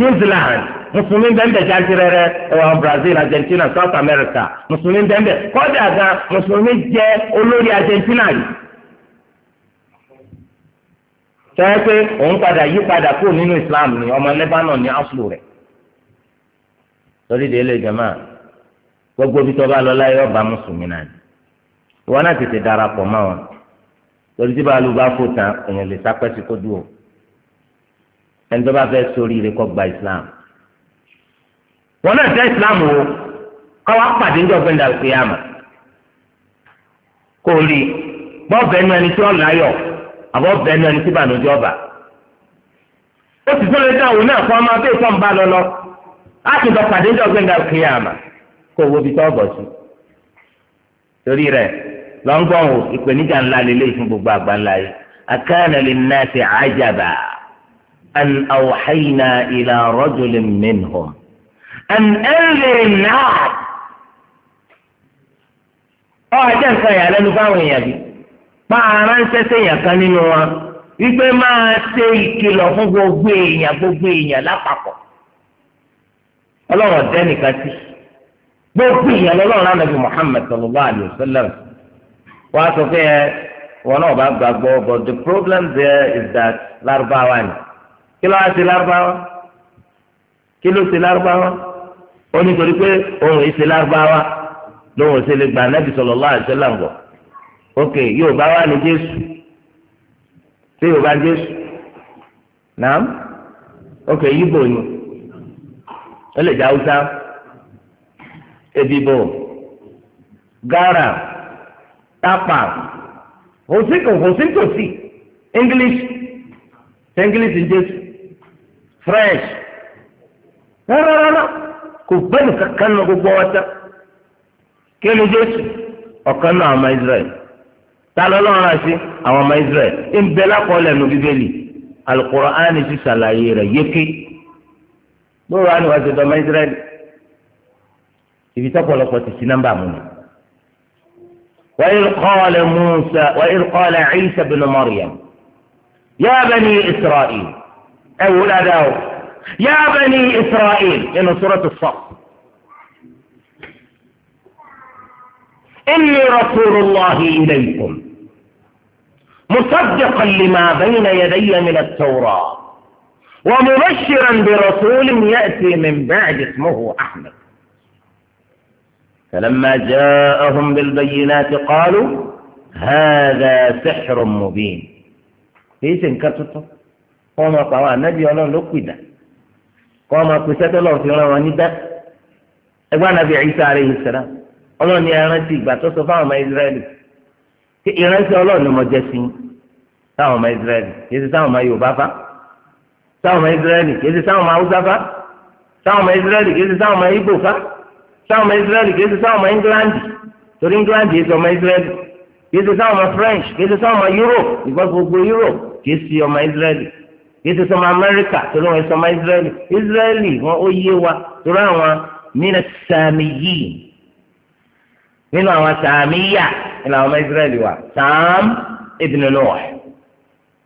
new zealand mùsùlùmí bẹ́ẹ̀ jantsi rẹ rẹ ẹwà brazil argentina south america mùsùlùmí bẹ́ẹ̀ kọ́dà gan mùsùlùmí jẹ́ olórí argentina yìí tẹ́wọ́ pé òun padà yí padà kúrò nínú islam ni ọmọ lebanon ní áṣù rẹ̀ torí délé jama gbogbo bí tọ́ba lọ láyé ọba mùsùlùmí náà ni wọn náà tètè darapọ̀ mọ́ wọn torí tí báàlú bá fò tán èèyàn lè sápẹ́sì kó dùn ó ẹni tó bá fẹ́ sórí ire kọ́ gba islam wọn náà tẹ islam wo káwá pàdé ní ọ̀gbẹ́ni àlùkìyàmà kò rí bọ́ọ̀bẹ nu ẹni tí ó láyọ̀ àbọ̀bẹ nu ẹni tí bànújẹ́ ọba ó sì tó lè dáhùn náà fún ọmọ abẹ́ ìfọ̀nba lọ́lọ́. a ti dọ̀ pàdé ńjọ́ gbẹ̀ngà kíyàmà kó owó bi tọ́ bọ̀ sí. torí rẹ̀ lọ́ngbọ̀n o ìpèníjà ńlá lélẹ̀ fún gbogbo àgbà ńlá yìí akáàna lè ná ti àjàbà an an náà ọ ajá nǹkan yà lẹ́nu fáwọn èèyàn bí pààrà ń yàn kan nínú wípé máa ṣe fún ọlọ́run ọ̀dẹ́ nìkan sí gbogbo ìyẹn lọ́lọ́run anabi muhammed sallallahu alayhi wa sallam wọ́n á sọ pé ẹ wọn náà bá gbàgbọ́ but the problem there is that lárúbáwá ni kí ló wá sí lárúbáwá kí ló sí lárúbáwá ó ní torí pé òun ìsí lárúbáwá lòun ò sì lè gba anabi sallallahu alayhi wa sallam gbọ́ ok yóò bá wà ní jésù ṣé yóò bá jésù naam ok yíbo ni ó lè jẹ́ haúsá ebibo gara tapa hosintòsí english english ń jésù french rárá kò gbẹ́nu kankan náà gbogbo ọ̀tá kí ló jésù ọ̀kan náà ọmọ israẹli ta ló lọ́rùn àti àwọn ọmọ israẹli ń bẹ lápọ̀ lẹ́nu bíbélì alukóra á ní sísàlàyé rẹ̀ yéké. bóòrò àni wàá ṣèdọ̀mọ israẹli ibi tọ́pọ̀lọpọ̀ ti sí nọ́mbà mu ni. وإذ قال موسى وإذ قال عيسى بن مريم يا بني إسرائيل أول أداو يا بني إسرائيل إن سورة الصف إني رسول الله إليكم مصدقا لما بين يدي من التوراة ومبشرا برسول يأتي من بعد اسمه أحمد فلما جاءهم بالبينات قالوا هذا سحر مبين في سنكتت قوم قوا النبي الله لقدا قوم قسات الله في الله وندا إبان نبي عيسى عليه السلام الله نيرانتي باتو صفا ما إسرائيل إيرانتي الله نمجسين تاو ما إسرائيل يسي تاو ما يوبافا sáwọn ọmọ israẹli kìí ṣe sáwọn ọmọ haúsá fa sáwọn ọmọ israẹli kìí ṣe sáwọn ọmọ ibo fa sáwọn ọmọ israẹli kìí ṣe sáwọn ọmọ ingilandi torí england yìí sọ ọmọ israẹli kìí ṣe sáwọn ọmọ french kìí ṣe sáwọn ọmọ europe ìgbà gbogbo europe kìí ṣe ọmọ israẹli kìí ṣe sọmọ amẹríkà torí wọn ṣe israẹli israẹli wọn ó yé wa torí àwọn mina sàmì yìí nínú àwọn sàmì yà nínú àwọn ọmọ israẹli wa sàm ibn Nuh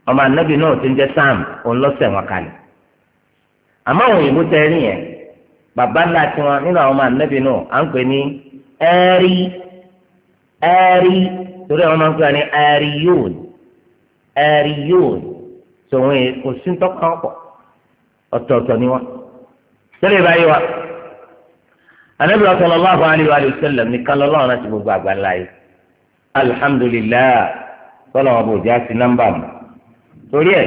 ọmọ anabi náà ti ń jẹ sam òun wọn kalẹ̀ àmọ́ àwọn òyìnbó tẹ ẹrí yẹn bàbá ńlá tiwọn nínú àwọn ọmọ anabi náà à ń pè ní ẹrí ẹrí torí àwọn máa ń pè ní ọtọọtọ yóòn ẹrí tòun kò sí tọkàn ni wọn báyìí wa anabi torí ẹ̀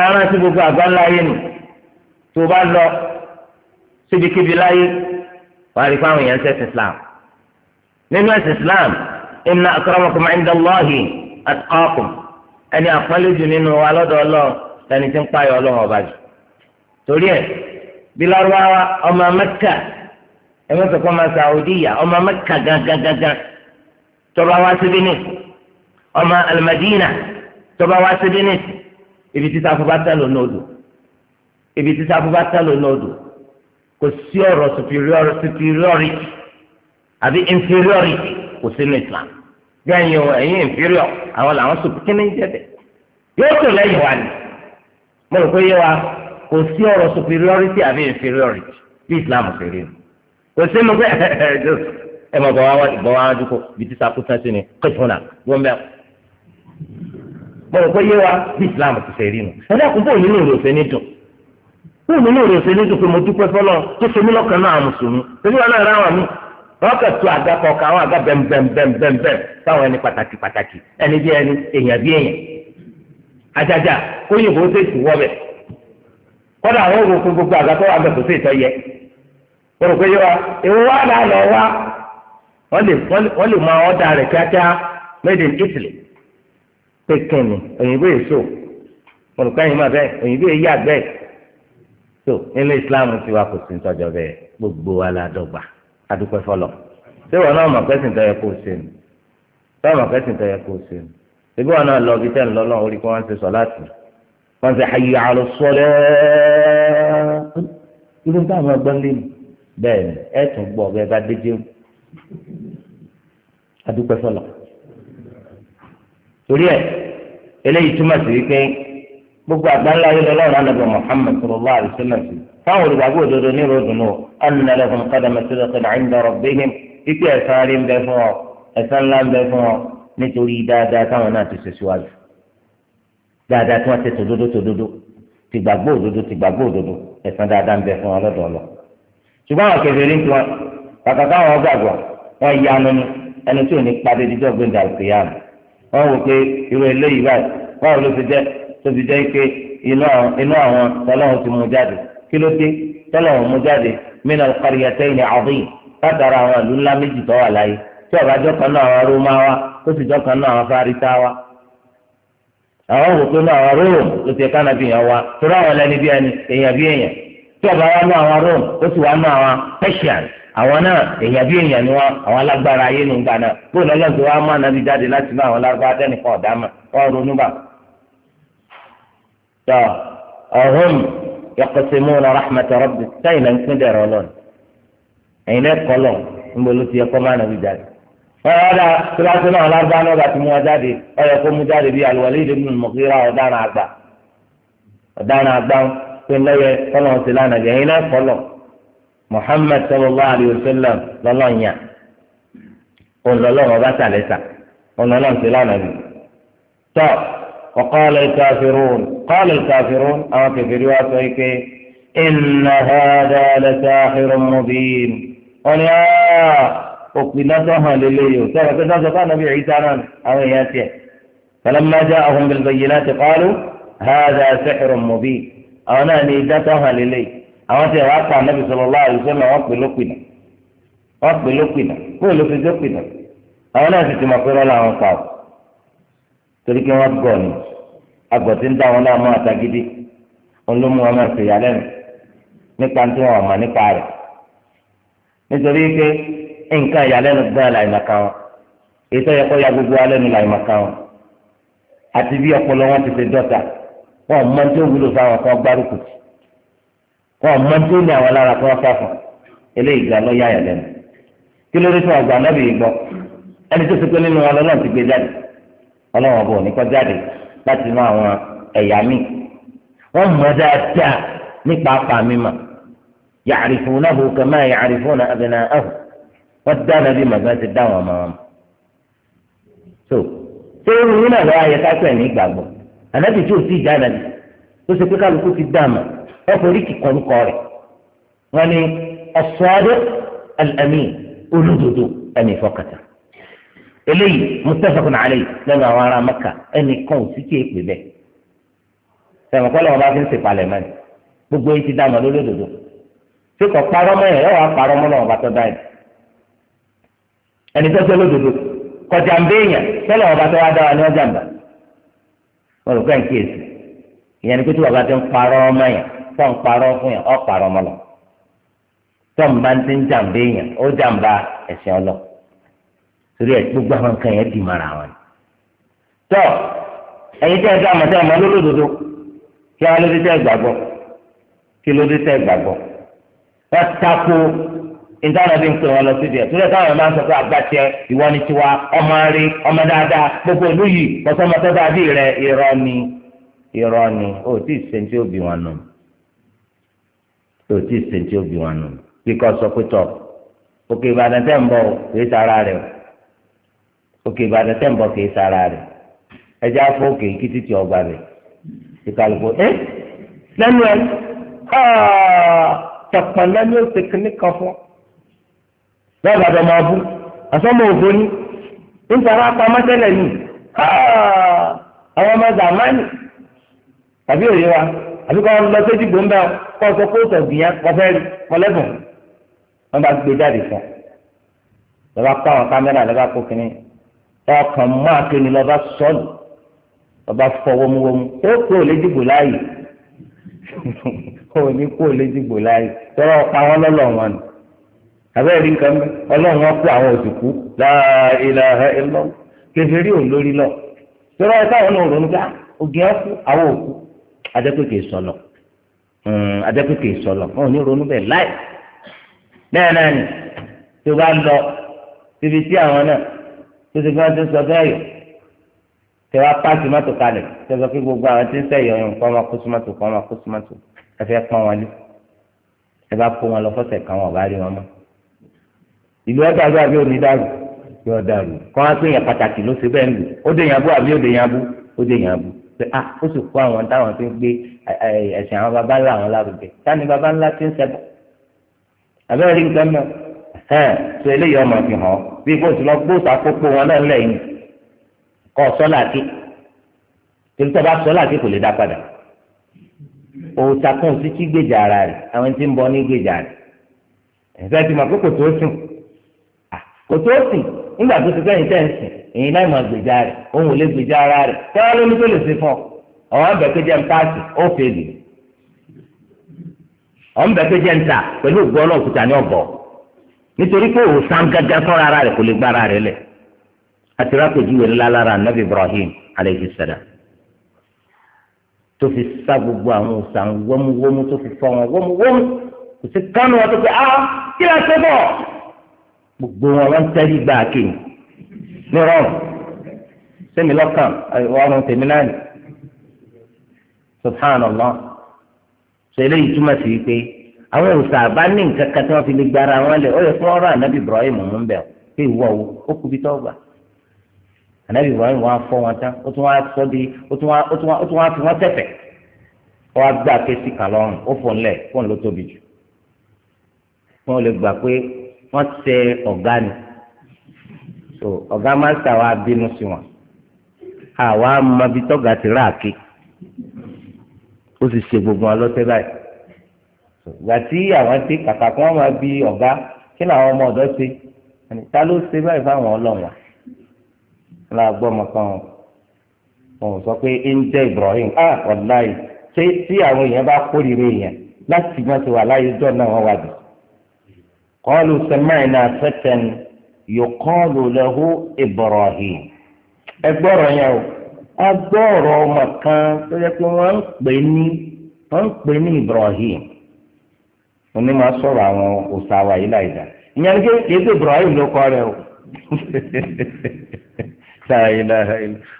aran sí gbogbo àgbá ńlá yé nu tó bá lọ síbikíbi láyé wàá rí fáwọn èèyàn ṣẹ̀sìn Islam nínú ẹ̀sìn Islam inna akramakum inda Allahi atqakum ẹni àpọ́nlẹ́jù nínú wa lọ́dọ̀ ọlọ́run ẹni tí ń payọ̀ ọlọ́run ọba jù torí ẹ̀ bí lárúbáwá ọmọ Mẹ́kà ẹ̀mí sọ̀kọ́ ọmọ Saudiya ọmọ Mẹ́kà gangan gangan tọ́ba wá síbí ní ọmọ al tọ́ba wá síbí nìsí ibi tí sáfù bá tẹ̀ lónà odò ibi tí sáfù bá tẹ̀ lónà odò kò sí ọ̀rọ̀ superiority àbí inferiority kò sínú Islam bí o ẹ̀yin inferior àwọn làwọn superior kí ni jẹ́ bẹ́ẹ̀ yóò tó lẹ́yìn wa ni mo rò pé yé wa kò sí ọ̀rọ̀ superiority àbí inferiority bí Islam ṣe rí kò sínú pé ẹ mọ̀ bọ̀ wá bọ̀ wá dúkọ̀ tí sáfù tán sí ni kò tún náà wọ́n bẹ́ẹ̀. mo rò yé wa islam ti ṣe rí nu ẹ dákun bóyá inú ìrò ní dùn bóyá inú ìrò ní dùn pé mo dúpẹ́ fọlọ́ tó ṣe mí náà mùsùlùmí torí wọn náà ráwọn mi wọn kà tó àga kọ̀ọ̀kan àwọn àga ẹni pàtàkì pàtàkì ẹni bí ẹni èèyàn bí èèyàn àjàjà àwọn gbogbo àga tó wà yẹ wa èwo wà wa kékeré òyìnbó èso olùkọ́ yìí máa bẹ́ẹ̀ òyìnbó èyí àgbẹ̀ tó nílé ìsìláàmù ti wá kò sí nítọ́jọ́ bẹ́ẹ̀ gbogbo wa la dọ́gba adúpẹ́ fọlọ́ ṣé wọn náà mọ̀ pẹ́sìn tó yẹ kó o ṣe ni ṣé wọn mọ̀ pẹ́sìn tó yẹ kó o ṣe ni ṣébí wọn náà lọ bí tẹ́ ń lọ lọ́wọ́ orí kí wọ́n ń sọ láti wọ́n ṣe ayé àlọ́ sọ́lẹ́ irú táwọn bá dé jẹun adúpẹ́ torí ẹ̀ eléyìí túmọ̀ sí wípé gbogbo àgbáńlá yìí lọ lọ́rùn anábì muhammed sallallahu alayhi wa sallam sí fáwọn olùgbàgbọ́ òdodo ní ròdùnú anna lahum qadama sidqin 'inda rabbihim wípé ẹ̀san rí ń bẹ fún ọ ẹ̀san ńlá ń bẹ fún ọ nítorí dáadáa táwọn náà ti ṣe síwájú dáadáa tí wọ́n ti tòdodo tòdodo ti gbàgbọ́ òdodo ti òdodo ẹ̀san dáadáa ń bẹ fún ọlọ́dọ̀ wọn wò pé irú eléyìí báyìí báwo ló ti jẹ́ tó jẹ́ pé inú àwọn tọ́lọ́wọ́n ti mú jáde kí ló dé mú jáde látara àwọn ìlú ńlá méjì tó wà láyé tí ọ̀bá jọ náà àwọn rómáwá tó sì jọ náà àwọn àwọn wò pé náà àwọn ló ti lẹni bí tí ọba wa ní àwọn rome ó sì wá ní àwọn persian àwọn náà èèyàn bí èèyàn ni wọn àwọn alágbára ayé nu gbà náà bóun náà lọ́sọ̀ wa máa nàbí jáde láti ní àwọn alágbára dẹ́nìkan ọ̀dà mà wọ́n ronú bá. tọ́ ọ̀hún yaqsimuna rahmata rabbi sẹ́yìn náà ń pín dẹ̀rọ lọ́nà ẹ̀yin náà kọ́ lọ́n níbo ló ti yẹ kọ́ máa nàbí jáde. wọ́n yọ ọ́dà kíláàsì náà alágbára náà bá mú wọn jáde ọ̀yọ̀ kó mú jáde bíi al-Walid pé lọ́yẹ kọ́lọ́ sí lánàá lẹ́yìn náà kọ́lọ́ Muhammad sallallahu alayhi wa sallam lọ́lọ́nyà ọlọ́lọ́wọ́ bá tàlẹ́ sà ọlọ́lọ́wọ́ sí lánàá bì. tọ́ وقال الكافرون قال الكافرون أو كفروا سيكي إن هذا لساحر مبين ولا أقبلتها لليو ترى كذا كان نبي عيسى أو ياتيه فلما جاءهم بالبينات قالوا هذا سحر مبين àwọn náà ní ìdá tó hàn lélẹ̀ àwọn tí wàá pa ànábì sallallahu alaihi wasallam wọ́n pè lópinà wọ́n pè lópinà bóyá ló fi dópinà àwọn náà sì ti pé pa torí ni tí ń dá wọn náà àtàgídí wọn ló mú wọn ya gbogbo wọn àti wọn mọ tí ó wúlò fáwọn kan gbárùkù tì wọn mọ tí ó ní àwọn lára kan fáfọn eléyìí ga lọ yáyà lẹ́nu kí ló dé tí wọn gbà nábì yìí gbọ́ ẹni tó ti pé nínú wọn lọ́nà ti gbé jáde ọlọ́wọ́n ọba òní kọ́ jáde láti inú àwọn ẹ̀yà míì wọ́n mọ dáadáa nípa apá mímọ́ ya'rifunahu kama ya'rifuna abna'ahu wọ́n dá nàbí màgbà ti dá wọn mọ́ wọn. so ṣé irú yìí náà ayẹ ká ní ìgbàgbọ́ ànábì tí ò sí ìjà ànábì tó ṣe pé kálukú ti dààmú ẹ forí kíkọ orúkọ rẹ̀ wọ́n ní as-sadiq al-amin olódodo ẹni ìfọkàtà eléyìí muttafaqun alayhi lẹ́nu àwọn ará mẹ́ka ẹnì kan ò sí kí èpè bẹ́ẹ̀ sẹ̀wọ̀n kọ́lẹ̀ wọn bá fi ń sèpalẹ̀ mẹ́rin gbogbo yìí ti dààmú olódodo tí kò parọ́ mọ́ wàá parọ́ mọ́ lọ́wọ́ bá ẹni tó sọ olódodo kọjá ń béèyàn sọ́lọ́wọ́ wá dá ní ọjà ń wọn rò kàn kíyèsí ìyẹn ni pé tí bàbá ti ń parọ́ ọmọ yẹn tó ń parọ́ fún yẹn ọ̀ parọ́ ọmọ lọ tó ń bá ń ti ń jàǹbá yẹn ó jàǹbá ẹ̀sìn ọlọ torí ẹ̀ gbogbo àwọn nǹkan yẹn dì mara wọn. tọ́ ẹ̀yin tẹ́ ẹ dá àmọ́ tẹ́ ẹ mọ́ lólódodo kí wọ́n lóde tẹ́ gbàgbọ́ kí lóde tẹ́ gbàgbọ́ wọ́n tako ìtara bí nǹkan wọn lọ sí díẹ̀ torí táwọn máa ń sọ pé àgbàtìẹ ìwọ ni tiwa ọmọ rí ọmọ dáadáa gbogbo ìlú yìí kọsọmọ tó dáa bí rẹ irọ́ ni irọ́ ni ó tí ì sèǹtì òbí wọn nù ó tí ì sèǹtì òbí wọn nù kíkọ sọ pé tọ òkè ìbàdàn tẹ̀ ń bọ̀ kìí sara rẹ òkè ìbàdàn tẹ̀ ń bọ̀ kìí sara rẹ ẹjẹ́ afọ òkè kí títí ọgbà rẹ ìkàlùkù ẹ lẹ́nu ẹ tọpọ lẹ́nu ó ti fún bẹ́ẹ̀ bàbá máa bú àsọ́mọ òfò ní nítorí apamọ́ tẹ́lẹ̀ ní àwọn ọmọ zamani tàbí òye wa àbí kọ́ lọ séjì gbòǹbà kọ́ sọ pé ó sọ gbìyàn kọfẹ́ rí mọ́lẹ́bùn wọn bá gbé jáde fún un lọ́ba kọ́ àwọn kámẹ́rà lọ́ba kó kínní ọkàn máa kéde lọ́ba sọ́ọ̀lù lọ́ba fọ wọ́múwọ́mú ó kó o lè dìbò láàyè ó ní kó o lè dìbò láàyè tọ́lọ́ pa wọn lọ́lọ́ wọn nù abẹ́rẹ́ rí nǹkan mẹ́ ọlọ́run wọn kó àwọn òsìkú láìla ẹlọ́ kẹfẹ́rí òun lórí lọ tọ́lá ẹ táwọn náà ronú ká ògì ah, á kú àwọn òkú adẹ́pẹ̀kẹ̀ sọlọ hmm, adẹ́pẹ̀kẹ̀ sọlọ wọn ò ní ronú bẹ́ẹ̀ láì bẹ́ẹ̀ náà ni tí o bá lọ ibi tí àwọn náà tó ti gbọ́n tó sọ bẹ́ẹ̀ yọ tẹ wá páàkì mọ́tò kalẹ̀ tẹ sọ pé gbogbo àwọn tí ń sẹ́yọ̀ yẹn kọ́ máa kó símọ́tò kọ́ máa kó símọ́tò ẹ fẹ́ pọ́n wọn lé ẹ bá kó wọn lọ fọ́sẹ̀ kan wọn ò bá rí wọn mọ́ ìlú ọ̀dà àbí àbí òní dàrú yóò dàrú kọ́ wá pé yẹn pàtàkì ló ṣe bẹ́ẹ̀ lù ó dé yàn bú àbí ó dé yàn bú ó dé yàn bú pé ah ó sì kó àwọn táwọn tó ń gbé ẹ̀sìn àwọn baba ńlá àwọn lárugẹ táni baba ńlá ti ń sẹ́bọ̀ àbẹ́rẹ́ rí nǹkan náà ẹ̀ẹ́n tó eléyìí ọmọ fi hàn bí kò sí lọ gbóòsà àkókò wọn náà lẹ́yìn kọ́ sọ́lá àti torí tó bá sọ́lá àti kò lè dá padà òòtà sí kí gbèjà ara rẹ̀ àwọn tí ń bọ ní gbèjà rẹ̀ ẹ̀fẹ́ ti mọ̀ pé kò tó sùn òtú ó sì nígbà tó ti fẹ́yìn tẹ́ǹsì èyí náà mọ̀ gbèjà rẹ̀ òun ò lè gbèjà ara rẹ̀ tẹ́wọ́n ló ní tó lè fún ọ ọ̀hún bẹ̀ kéjẹ́ ń paasi ó fèlè bẹ̀ ń pẹ̀lú ọlọ́ọ̀kúta ní ọ̀bọ̀ nítorí pé òòsàn gángan sọ́ra ara rẹ̀ kò lè gbára rẹ̀ lẹ̀ àti rákòjúwe ńlá lára nabi Ibrahim tó fi sá gbogbo àwọn tó gbogbo wọn wọn tẹ́lí gbà kí ní rọrùn sẹ́mi lọ́kàn ọ̀run tèmi náà ni subhanallah sẹ́lẹ̀ yìí túmọ̀ sí pé àwọn òòsà àbá ní nǹkan kan tí wọ́n fi lè gbára wọn lẹ̀ ó yẹ fún ọ̀rọ̀ ànábì Ibrahim mú bẹ́ẹ̀ pé ìwọ wo ó kú bí tọ́ gbà ànábì Ibrahim wọn fọ́ wọn tán ó tún wá sọ́ di ó tún wá fi wọ́n tẹ̀fẹ̀ wọ́n gbà ké sí kàlọ́rùn ó fò ńlẹ̀ fóun ló tóbi jù wọ́n lè gbà pé wọ́n ṣe ọ̀gá ni so ọ̀gá mástà wa bínú sí wọn àwa mọbi tọ́gà ti ráàkì ó sì ṣe gbogbo wọn lọ́tẹ́ báyìí ìgbà tí àwọn ti kàkà kí wọ́n máa bi ọ̀gá kí làwọn ọmọ ọ̀dọ́ ṣe ta ló ṣe báyìí fáwọn ọlọ́wọ́n la gbọ́ ọmọ kan òun sọ pé ń Ibrahim ah ọ̀la yìí ṣé tí àwọn èèyàn bá kórìíra èèyàn láti má ti wà láyé jọ́ náà wọ́n wà dùn. قالوا سمعنا فتى يقال له إبراهيم ẹgbọ́rọ̀ yẹn o مكان ọmọ بني، tó yẹ pé wọ́n ń pè ní wọ́n ń pè ní Ibrahim òní máa sọ̀rọ̀ àwọn òsàwà yìí láìda ìyẹn ní ètò Ibrahim ló kọ́ rẹ o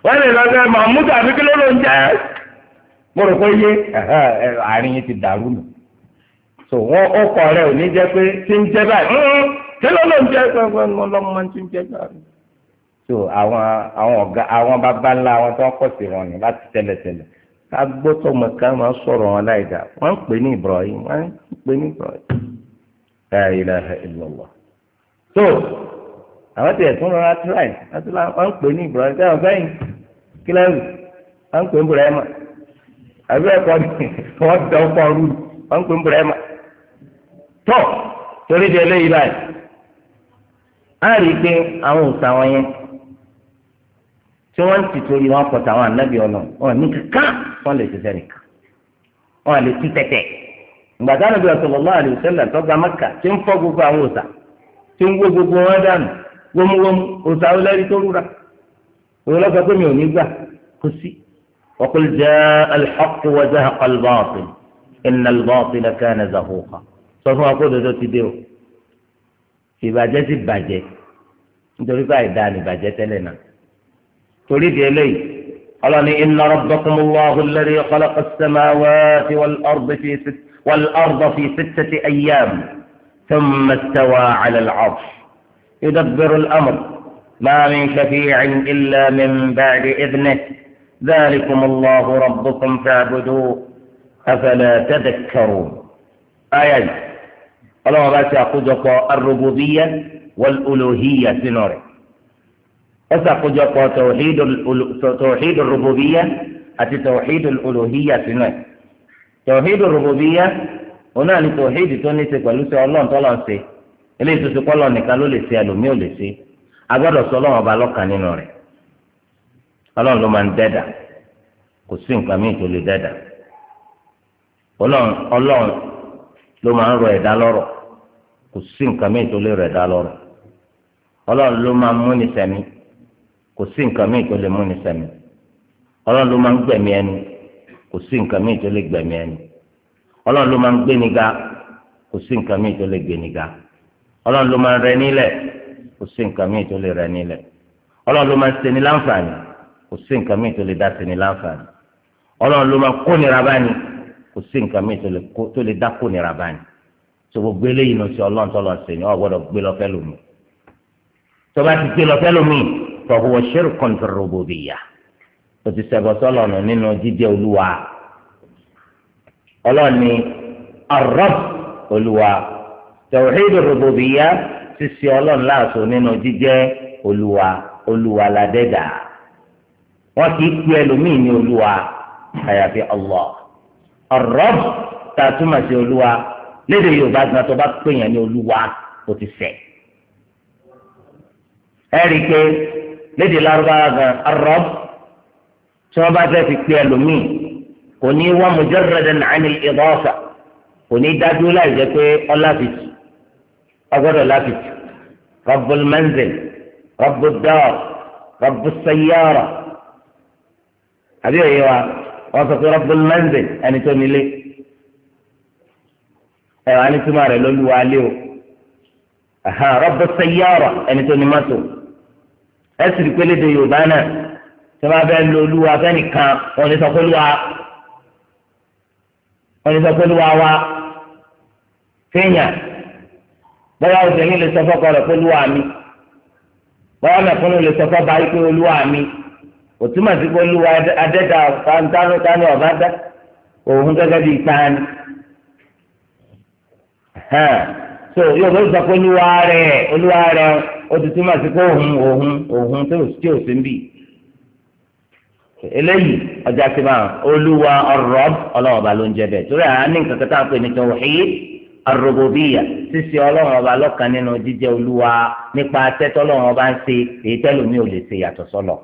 wọ́n lè lọ sí mahmud àbíkí ló ló ń jẹ́ mo rò pé yé àárín yìí ti dàrú nù so wọn ọkọ rẹ ò ní jẹ pé tí ń jẹ báyìí kí ló ló ń jẹ pé wọn lọ máa ti ń jẹ báyìí so àwọn àwọn ọ̀gá àwọn bàbá ńlá wọn tó ń kọ̀ sí wọn ni láti tẹ́lẹ̀tẹ́lẹ̀ ká gbọ́ tó mọ̀ ká máa sọ̀rọ̀ wọn láì dá wọ́n ń pè ní Ibrahim wọ́n ń pè ní Ibrahim la ilaha illallah so àwọn tiẹ̀ tún rọra tíráì láti wọ́n ń pè ní Ibrahim káwọn fẹ́yìn kílẹ̀rù wọ́n ń pè ní Ibrahim àbí ẹ̀kọ́ ni wọ́n dán fọ́ọ̀rù wọ́n ń pè ní Ibrahim tọ́ torí di eléyìí báyìí á rí i pé àwọn òòsà wọn yẹn tí wọ́n ti torí wọn pọ̀ tàwọn ànábì ọ̀nà wọn ní kankan wọn lè ṣiṣẹ́ nìkan wọn lè tú tẹ̀tẹ̀ ìgbàdá nàbí sallallahu alaihi tọ́gbà Mẹ́kà tí ń fọ́ gbogbo àwọn òòsà tí ń wó gbogbo wọn dànù wómúwómú òòsà olórí tó rúra òun lọ́sọ̀ pé mi ò ní gbà kó sí wa qul jaa al-haqqu wa zahaqa al-batil sọ fún wa kó dodo ti dé o ìbàjẹ́ sì bàjẹ́ nítorí pé àìdáa ni ìbàjẹ́ tẹ́lẹ̀ náà torí di eléyìí ọlọ́ni inna rabbakumullahu alladhi khalaqa as-samawati wal-arda fi wal-arda fi sittati ayyam thumma istawa 'ala al-'arsh yudabbiru al-amr ma min shafi'in illa min ba'di idhnihi dhalikum allahu rabbukum fa'buduhu afala tadhakkarun ayẹyẹ. ọlọ́wọ́n bá ṣe àkójọpọ̀ arúgbóbíyẹ wọlúlóhíyẹ sínú rẹ̀ ó ṣàkójọpọ̀ tòwíìdù rúgbóbíyẹ àti tòwíìdù olóhíyẹ sínú rẹ̀ tòwíìdù rúgbóbíyẹ òun náà ní tòwíìdù tó ní ṣe pẹ̀lú ṣe ọlọ́run tó lọ́n ṣe eléyìí tó ṣe kọ́lọ̀ nìkan ló lè ṣe ẹlòmíì ò lè ṣe agbọ́dọ̀ sọ ọlọ́run ọba lọ́kàn nínú rẹ̀ ọlọ́run ló máa ń dẹ́dà kò sí nǹkan míì tó lè dẹ́dà ọlọ́run ló máa ń rọ ẹ̀dá lọ́rọ̀ kò sí nǹkan míì tó lè rọ ẹ̀dá lọ́rọ̀ ọlọ́run ló máa ń múni sẹ́mi kò sí nǹkan míì tó lè múni sẹ́mi ọlọ́run ló máa ń gbẹ̀mí ẹni kò sí nǹkan míì tó lè gbẹ̀mí ẹni ọlọ́run ló máa ń gbéni ga kò sí nǹkan míì tó lè gbéni ga ọlọ́run ló máa ń rẹ nílẹ̀ kò sí nǹkan míì tó lè rẹ nílẹ̀ ọlọ́run ló máa ń ṣeni láǹfààní kò sí nǹkan míì tó lè dá ṣeni láǹfààní ọlọ́run ló máa ń kónira báni kò sí nǹkan mi tó lè dákò nira báyìí tó gbogbo eléyìí lọ sí ọlọ́run tó lọ sí ni ọ gbọ́dọ̀ gbé lọ fẹ́ lómi tó bá ti gbé lọ fẹ́ lómi fa huwa shirkun fi rububiyyah o ti sẹ́gbọ́ sọ́lọ́nù nínú jíjẹ́ olúwa ọlọ́ni ar-Rabb olúwa tawhid ar-rububiyyah sísè ọlọ́run láàṣọ nínú jíjẹ́ olúwa olúwa ládẹ́dà wọ́n kì í pe ẹlòmíì ní olúwa àyàfi Allah. Ar-Rabb tá a túmọ̀ sí olúwa lédè Yorùbá gan tó bá pè yẹn ní olúwa kò ti ṣẹ̀. ẹ rí i pé lédè lárúbáwá gan Ar-Rabb tí wọ́n bá fẹ́ fi pé ẹlòmíì kò ní wá mujarradan 'an al-idafa kò ní dájú láì jẹ́ pé ọlá fi tù ọgbọ́dọ̀ láti tù àbí òye wa wọ́n sọ pé rọ́bù lẹ́ńdẹ̀ ẹni tó nílé ẹ̀ wá ní túmọ̀ rẹ̀ lóluwà lé o rọ́bù sẹ́yàrọ̀ ẹni tó ní mọ́tò ẹ̀ sì rí pélédé yorùbá náà tí wọ́n bá lo olúwa fẹ́nìkan wọ́n ní sọ pé olúwa wọ́n ní sọ pé olúwa wa fẹ́yàn bọ́lá obìnrin lè sọ fọ́kọ rẹ̀ pé olúwa mi bọ́lá mẹ́kúnnù lè sọ fọ́ báyìí pé olúwa mi. òtúmọ̀ sí pọ̀lú adẹ́ta tánú ọ̀bá dá òun gẹ́gẹ́ bíi tání. so yóò bá sọ pé olúwa rẹ̀ olúwa rẹ̀ ó ti túmọ̀ sí pé òun òun òun tí ò sí ń bì. eléyìí ọjà ti máa olúwa ọ̀rọ̀ ọlọ́ọ̀ba ló ń jẹ bẹ́ẹ̀ torí àá ní nǹkan kẹta pé arrobobiya ọba nínú olúwa nípa ọba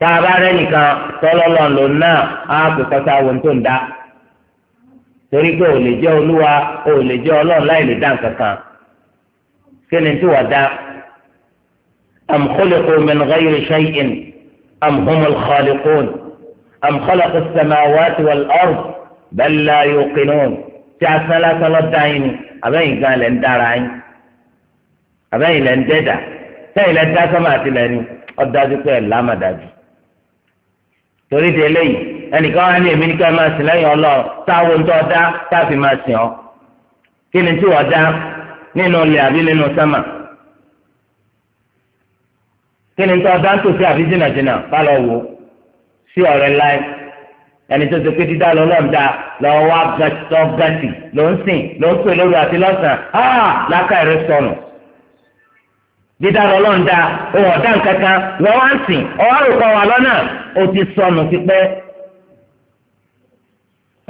tá a bá rẹ nìkan tọ́lọ́lọ́ ló mẹ́nugá yìí ṣe ṣẹ́yìn amúkọ́lẹ́kọ́ amúkọ́lẹ́kọ́ sẹ́mẹ́wá náà á kò kọ́ta awon tó ń dá torí pé ò lè jẹ́ olúwa ò lè jẹ́ ọlọ́run láì lè dá nǹkan kan kí ni tí wàá dá am khuliqu min ghayri shay'in am humul khaliqun am khalaqa as-samawati wal ard bal la yuqinun tí a sán lásán lọ dá yín ni àbẹ́yìn gan lẹ́ ń dára yín àbẹ́yìn lẹ́ ń dẹ́dà sẹ́yìn lẹ́ dá sọ́mà àti le lẹ́ni ọ̀dájú pé ẹ̀ lámàdájú. torí de eléyìí ẹnìkan wá ní èmi ní ká máa sìn lẹ́yìn ọlọ́run táwọn ń tọ́ dá táàfin máa sìn ọ́ kí ni tí wọ́n dá nínú ilẹ̀ àbí nínú sámà kí ni tó dá ń tòsí àbí jìnnàjìnnà bá lọ wò sí ọ̀rẹ́ láì ẹni tó ti pé dídá lọ́lọ́run dá lọ́wọ́ wá gàtì ló ń sìn ló ń pè lóru àti lọ́sàn-án á lákàrẹ́ sọnù dídára ọlọ́run dá òun ọ̀dá nǹkan kan wọ́n wá ń sìn ọ̀hún àròkọ wà lọ́nà ó ti sọnù tipẹ́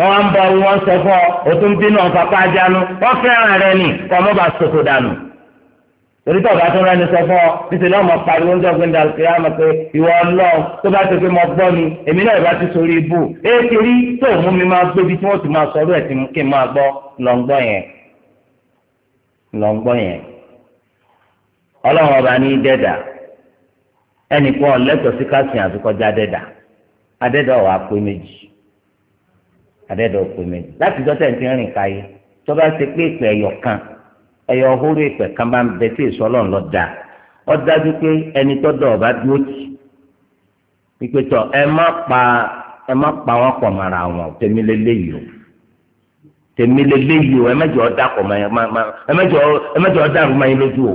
ọwọ́ ń bọ̀ wọ́n sọ fún ọ o tún bínú ọ̀fà pàjánu wọ́n fẹ́ràn rẹ ni kọ́ ọmọ bá sòkò dànù torí tọ́ba tó rẹ́ni sọ fún ọ títí náà mo pariwo ń dọ́gbìn dàlùkìyà mọ̀ pé ìwọ ọlọ́run tó bá ti pé mo gbọ́ mi èmi náà ìbá ti sórí ibù èké tó mú mi máa gbébi tí wọ́n ti máa sọ ọdún ọlọ́run ọba ní dẹ́dà ẹnìkan lẹ́tọ̀ọ́ sí kásìn dẹ́dà adẹ́dà ọ̀wá pé méjì adẹ́dà ọ̀pẹ méjì láti dọ́tẹ̀ ti rìn káyé tó bá ṣe pé ìpè ẹ̀yọ̀ kan ẹ̀yọ̀ hóró ìpè kan bá ń bẹ tí ọ dájú pé ẹni tó ọba dúró tì ẹ má pa ẹ má pa wọn pọ̀ mọ́ra wọn tèmi o tèmi o ẹ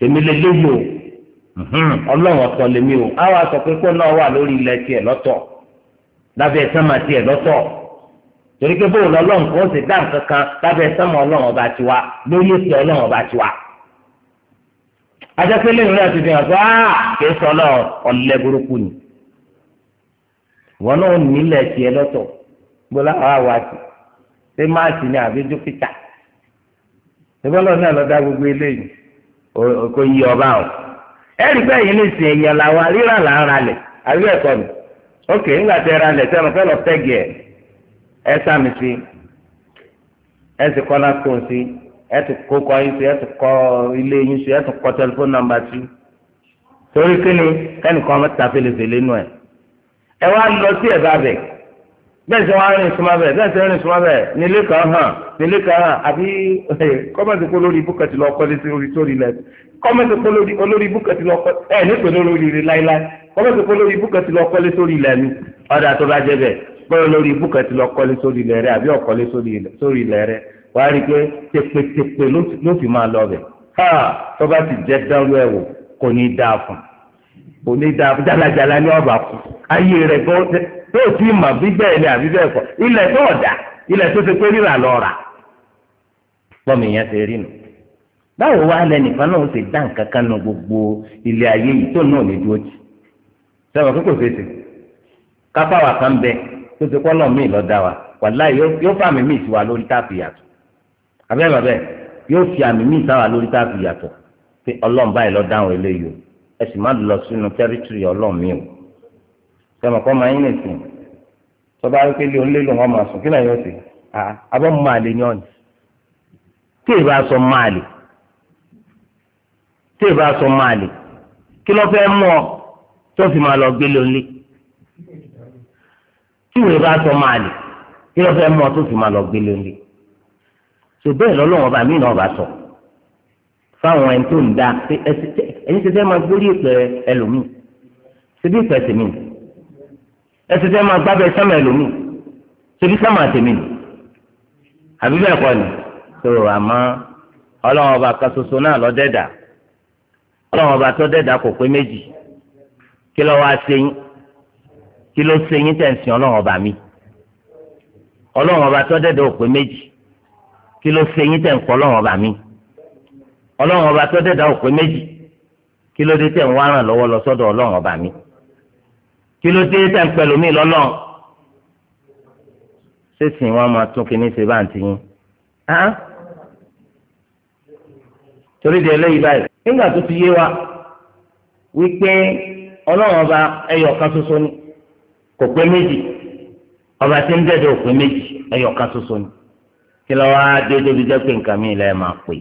tèmi lè léyìí o mhm. ọlọ́run ọ̀tọ̀ lèmi sọ pé náà wà lórí ilẹ̀ tiẹ̀ lọ́tọ̀ lábẹ́ sánmà tiẹ̀ lọ́tọ̀ torí pé bóun lọ́lọ́run kò sì dá nǹkan kan lábẹ́ ọlọ́run ọba tiwa ọlọ́run ọba tiwa. ti fi hàn pé áà kìí sọ ọlọ́run ọ̀lẹ́ burúkú ni wọn náà nílẹ̀ tiẹ̀ lọ́tọ̀ gbọ́dọ̀ àwọn àti ṣé ni àbí dókítà náà kó yí ọba o ẹ̀rí bẹ́ẹ̀ yìí nìsín èèyàn làwọn ríra là ń ralẹ̀ àbí ẹ̀kọ́ mi ok ńgbà tẹ ralẹ̀ tẹ ọ̀nà fẹ́lọ̀ tẹ́gì ẹ̀ ẹ sàmì sí ẹ sì kọ́ náà tó sí ẹ ti kó kọ́ yín sí ẹ ti kọ́ ilé yín sí ẹ ti kọ́ tẹlifóònù nàmbà sí torí kíni kẹ́nìkan ọmọ tàfẹ́lẹ́fẹ́lẹ́ nù ẹ̀ ẹ wá lọ sí ẹ̀ bá bẹ̀ bẹ́ẹ̀ sọ wọn rìn súnmọ́ bẹ́ẹ̀ bẹ́ẹ̀ sọ rìn súnmọ́ bẹ́ẹ̀ nílé kan hàn nílé kan hàn àbí eh, kọ́mẹ̀tì kó lórí búkẹ̀tì lọ kọ́lé sí orí sórí lẹ̀ kọ́mẹ̀tì kó lórí olórí búkẹ̀tì lọ kọ́lé ẹ̀ eh, nípele olórí rẹ̀ láíláí kọ́mẹ̀tì kó lórí búkẹ̀tì lọ kọ́lé sórí lẹ̀ ni ọ̀dà tó bá jẹ́ bẹ́ẹ̀ kọ́lé lórí búkẹ̀tì lọ kọ́lé sórí lẹ̀ rẹ̀ àbí ọ̀kọ́lé sórí lẹ̀ rẹ̀ wàá rí pé tepetepe ló ha tó bá ti jẹ́ dánrú ẹ̀ wò kò ní dáa fún kò ní dáa fún tó o ti mọ̀ bí ni àbí bẹ́ẹ̀ kọ́ ilẹ̀ tó ọ̀dà ilẹ̀ tó ti pé rírà lọ rà pọ́ọ̀mù yẹn ti rí nu báwo wá lẹ́nìkan náà ó ti dá nǹkan gbogbo ilé ayé yìí tó náà oti. dúró jì kókò fèsì kápáwà kan bẹ tó ti kọ́ lọ́ọ̀ míì wa wàláì yóò fà mí lórí táàpì yàtọ̀ bàbẹ́ yóò fi àmì míì sáwà lórí táàpì yàtọ̀ pé o ẹ sì má lọ sọmọ kọ́ máa ń lè sìn tọ́ba wípé lé onílé lòun ọmọ sùn kí náà yóò sè abọ́ máa lè ní ọ̀nì tí ì bá sọ máa lè tí ì bá sọ máa lè kí ló fẹ́ mú ọ tó fi máa lọ gbélé onílé tí ìwé bá sọ máa lè kí ló fẹ́ mú ọ tó fi máa lọ gbélé onílé so bẹ́ẹ̀ lọ́lọ́wọ́n bá mí náà bá sọ fáwọn ẹni tó ń da ẹni tẹ́tẹ́ máa gbórí ìpẹ́ ẹlòmíì síbí ìpẹ́ tèmi nì ẹ ti fẹ́ máa gbábẹ́ sẹ́mà ẹlòmíì ṣebí sẹ́mà tèmi nù àbí bẹ́ẹ̀ ni tó àmọ́ ọlọ́run ọba kan ṣoṣo náà lọ́dẹ̀dà ọlọ́run ọba tó dẹ̀dà kò pé méjì kí ló wá ṣe yín kí ló ṣe yín tẹ̀ ń sìn ọlọ́run ọba mi ọlọ́run ọba tó dẹ̀dà ò pé méjì kí ló ṣe yín tẹ̀ ń pọ̀ ọba mi ọlọ́run ọba tó dẹ̀dà ò pé méjì kí ló dé tẹ̀ ń wá ràn lọ́wọ́ lọ sọ́dọ̀ ọlọ́run ọba mi kí ló dé tẹ̀ ń pẹ̀lú mi lọ́lọ́ sísìn wọn máa tún kíní ṣe bá ń tiyín torí di eléyìí báyìí nígbà tó ti yé wa wípé ọlọ́run ọba ẹyọ kan ṣoṣo ni kò pé méjì ọba tí ń dẹ́dọ̀ òpin méjì ẹyọ kan ṣoṣo ni kí lọ́wọ́ á dé débi jẹ́ pé nǹkan mìíràn ẹ̀ máa pè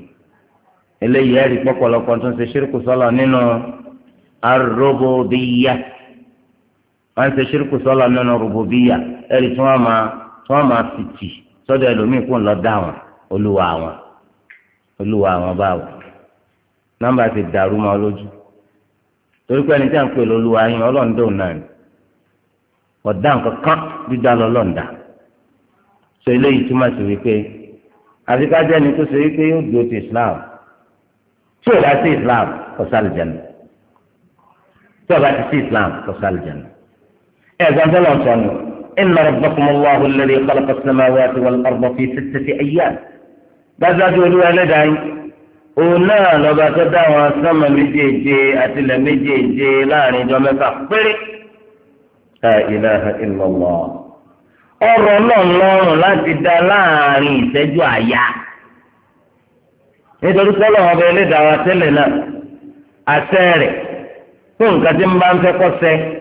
eléyìí ẹ̀rí pọ̀pọ̀lọpọ̀ tó ń ṣe ṣírùkù sọ́lọ̀ nínú arúgbó bíyà wọ́n ṣe ṣírkù sọ́lọ̀ nínú rúbùbíyà ẹ̀rí tí wọ́n máa tí wọ́n máa fi tì sọ́dọ̀ ẹlòmíì kó ń lọ dá wọn olúwa wọn olúwa wọn báwo nọ́mbà ti dàrú mọ́ lójú torí pé ẹni tí a ń pè lólúwa yín ọlọ́ọ̀dọ́ náà ni ọ̀dà nǹkan kan dídá lọ́lọ́ọ̀dà sọ eléyìí túmọ̀ sí wípé àfi ká jẹ́ ẹni tó ṣe wípé yóò dúró ti Islam tí ò bá sí Islam kò sálì jẹ̀nà tí ò bá ti sí Islam kò sálì jẹ̀nà ẹ̀gbọ́n tó lọ sọ̀nù inna rabbakumullahu alladhi khalaqa as-samawati wal arda fi sittati ayyam dájúdájú olúwa ẹlẹ́dàá yìí òun náà lọ́ba tó dá àwọn sánmà méjèèje àtìlẹ̀ méjèèje láàrin ìjọ mẹ́fà péré la ilaha illallah ọ̀rọ̀ náà lọ́rùn láti dá láàrin ìṣẹ́jú àyà nítorí pọ́lọ́ ọba ẹlẹ́dàá wa tẹ́lẹ̀ náà àṣẹ rẹ̀ fún nǹkan tí ń bá ń fẹ́ kọ́ sẹ́ẹ́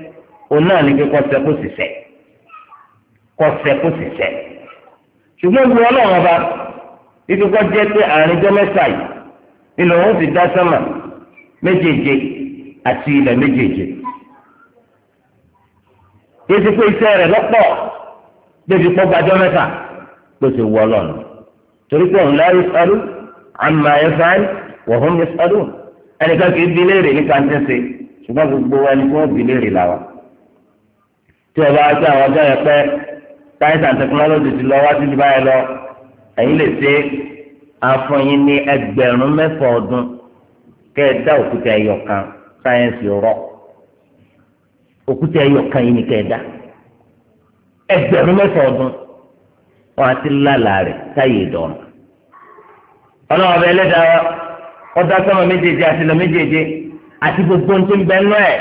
ona náà ní kíkọ́ sẹ́ kó sì sẹ́ kọ́ kó sì ṣùgbọ́n ìwé ọlọ́run ọba ìfikọ́ jẹ́ pé àárín jẹ́mẹ́sà yìí nínú òun ti dá sánmà méjèèje àti ilẹ̀ méjèèje yìí pé iṣẹ́ rẹ̀ lọ́pọ̀ débi pọ́ gba jẹ́mẹ́sà ló ti wọ ọlọ́run torí pé òun láyé sáré àmà ẹ̀ fáyé wọ̀hún ẹnìkan kì í bi léèrè nípa ń ṣùgbọ́n gbogbo ẹni tí wọ́n bi léèrè làwọn. tí ọba ajé àwọn ọjọ́ yẹn pẹ́ science and technology ti lọ wá sí ibà yẹn lọ ẹ̀yin lè ṣe àfọyín ní ẹgbẹ̀rún mẹ́fà ọdún kẹ́ ẹ dá òkúta ẹyọ kan sáyẹ́nsì rọ òkúta ẹyọ kan yìí ni kẹ́ ẹ dá ẹgbẹ̀rún mẹ́fà ọdún wọn àti lálàá rẹ̀ táyé dọ̀nà ọlọ́run ọba ẹlẹ́dàá ọdá sọ́mọ méjèèjì àti ilẹ̀ méjèèjì àti gbogbo ohun ń bẹ nú ẹ̀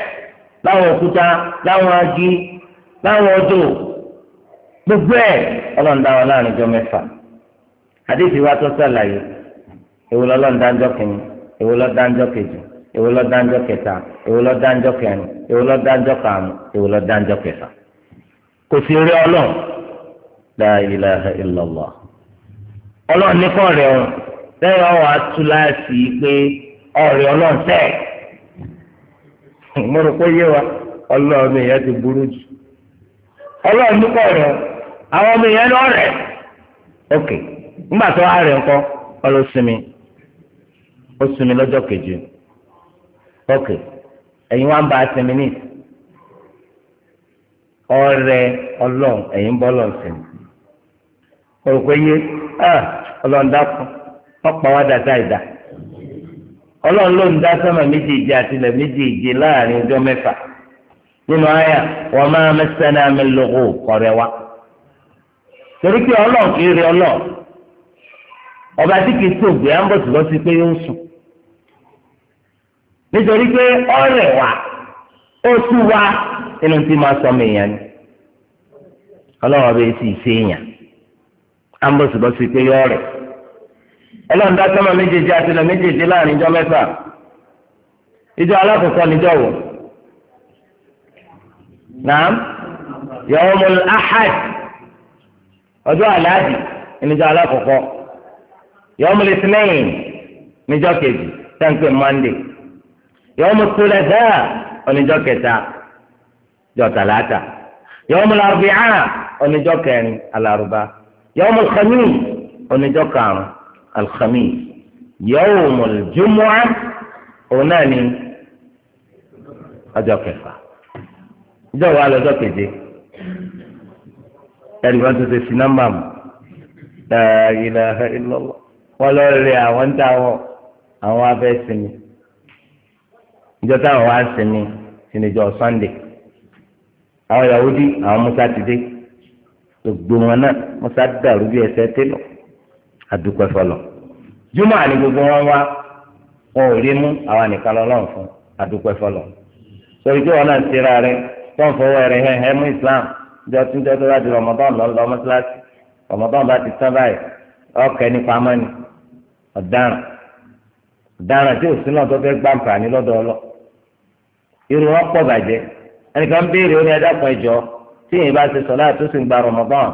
láwọn òkúta láwọn agi láwọn ọdún gbogbo ẹ̀ ọlọ́ọ̀dá wọn láàrin jọ mẹ́fà àdéhùn wa tó sàlàyé èwo lọ́lọ́ọ̀dájọ́ kìíní èwo lọ́dájọ́ kejì èwo lọ́dájọ́ kẹta èwo lọ́dájọ́ kẹrin èwo lọ́dájọ́ kàánù èwo lọ́dájọ́ kẹfà kò sí rí ọlọ́ọ̀ ọlọ́ọ̀ lẹ́yìn ọ̀wọ́ atúláàsì pé ọ̀rẹ́ ọlọ́ọ̀ tẹ̀ mo rò wa ọlọ́ọ̀ mi ti ọlọ́run ní rẹ̀ àwọn ọmọ èèyàn rẹ̀ ok ńgbà tó wá rẹ̀ ńkọ́ ọlọ́sinmi ó sinmi lọ́jọ́ kejì ok ẹ̀yin wá ń ba sinmi ní ọrẹ ọlọ́run ẹ̀yin bọ́ lọ́n sinmi òrùkọ yé ọlọ́run dákun ọ̀pọ̀ wá dàtà ìdá ló nínú àyà wa ma massana min lughub kọ̀rẹ́ wa torí pé ọlọ́ọ̀ kì í rí ọlọ́ọ̀ ọba tí kì í tó gbé ambọ̀tì lọ sí pé yóò sùn nítorí pé wa ó tú wa nínú tí máa sọ mìíràn ni ọlọ́wọ́ bẹ́ẹ̀ sì ṣe èèyàn ambọ̀tì lọ sí pé yóò rẹ̀ ọlọ́run dá sọ́mọ méjèèjì àti méjèèjì láàrin ìjọ mẹ́fà ìjọ نعم يوم الأحد أجوا على هذه نجا على فوق يوم الاثنين نجا كيجي تنك ماندي يوم الثلاثاء نجا كذا جو ثلاثة يوم الأربعاء نجا كني الأربعاء يوم الخميس نجا كام الخميس يوم الجمعة أناني أجا كذا ìjọ wa lọ́jọ́ keje ẹnì kan tó ṣe sí nọ́mbà mu ìlà ìlọ́wọ́ wọ́n lọ rí àwọn ń ta wọn àwọn abẹ́ sinmi ìjọ táwọn wá sinmi sinijọ Sunday àwọn Yahudi àwọn Musa ti dé gbogbo wọn náà Musa dàrú bí ẹsẹ télọ àdúpẹ́ fọlọ́ júmọ̀ àní gbogbo wọn wá wọn ò rí mú àwọn nìkan lọ́lọ́run fún àdúpẹ́ fọlọ́ sọ ìjọ wọn náà ti ra rẹ. tó fọwọ́ rẹ̀ islam jọ tún jọ tó bá di rọmọdán lọ lọ mọ́sálásí rọmọdán bá ti tán báyìí ọkẹ́ nípa mọ́ni ọ̀daràn ọ̀daràn tí òsín náà tó fẹ́ gbá wọn pọ̀ bàjẹ́ ẹnìkan béèrè ó ní kan ẹjọ́ tí yìnyín bá ṣe tó sì ń gba rọmọdán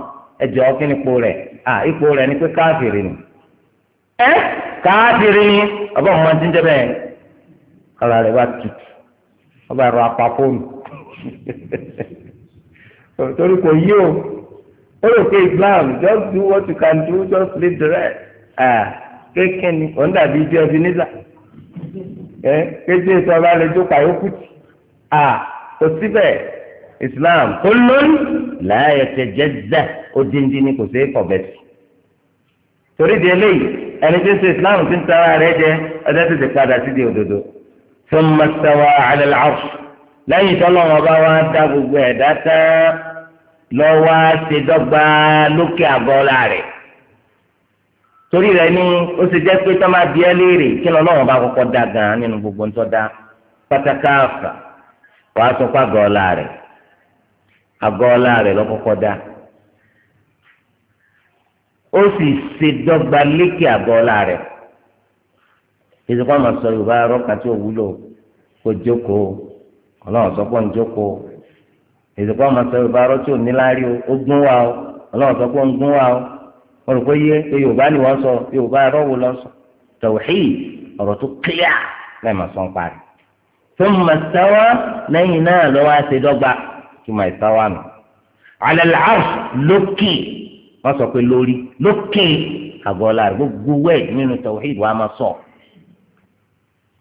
torí kò yí o ó rò pé Islam just do what you can do just leave the rest kéèké ni ò ń dàbí ibi ọbí nígbà kéèké ìtọ́ ọba lè jókòó àyókù tì kò síbẹ̀ Islam kò lóyún láàyè tẹ̀jẹ̀ dẹ̀ ó díndín ní kò sí kọ̀bẹ̀ sí torí di eléyìí ẹni tí ń sọ Islam ti ń tara rẹ̀ jẹ ọjọ́ tètè padà sí di òdodo. ثم استوى على العرش lẹ́yìn tọ́lọ́wọ́n bá wá dá gbogbo ẹ̀dá tán lọ́wọ́ ṣe dọ́gba lókè àgọ́lá rẹ̀ torí rẹ̀ ni ó ṣe jẹ́ pé tọ́mà bíẹ́ léèrè kí lọ́wọ́n bá kọ́kọ́ dá gan-an nínú gbogbo ńtọ́ dá pátákáàfà wàá sọ pé àgọ́lá rẹ̀ àgọ́lá rẹ̀ lọ́kọ́kọ́ dá ó sì ṣe dọ́gba lékè àgọ́lá rẹ̀ ìṣèkọ́ àmọ̀ sọ Yorùbá rọ́ọ̀kà tí ò wúlò kó jókòó ọlọ́run sọ pé ń jókòó èsì pé ọmọ sọ yorùbá arọ tí ò ní láárí o ó gún wa o ọlọ́run sọ pé ń gún wa o wọn rò pé yé pé yorùbá ni wọ́n sọ yorùbá arọ wo lọ sọ tauhid ọ̀rọ̀ tó kíá lẹ́ẹ̀mọ̀ sọ́n parí tó mọ̀ sáwá lẹ́yìn náà lọ́wọ́ àti dọ́gba tó mọ̀ sáwá nù alẹ́ làárọ̀ lókè wọ́n sọ pé lórí lókè àgọ́lá rẹ̀ gbogbo wẹ́ẹ̀ nínú tauhid wa máa sọ̀ọ́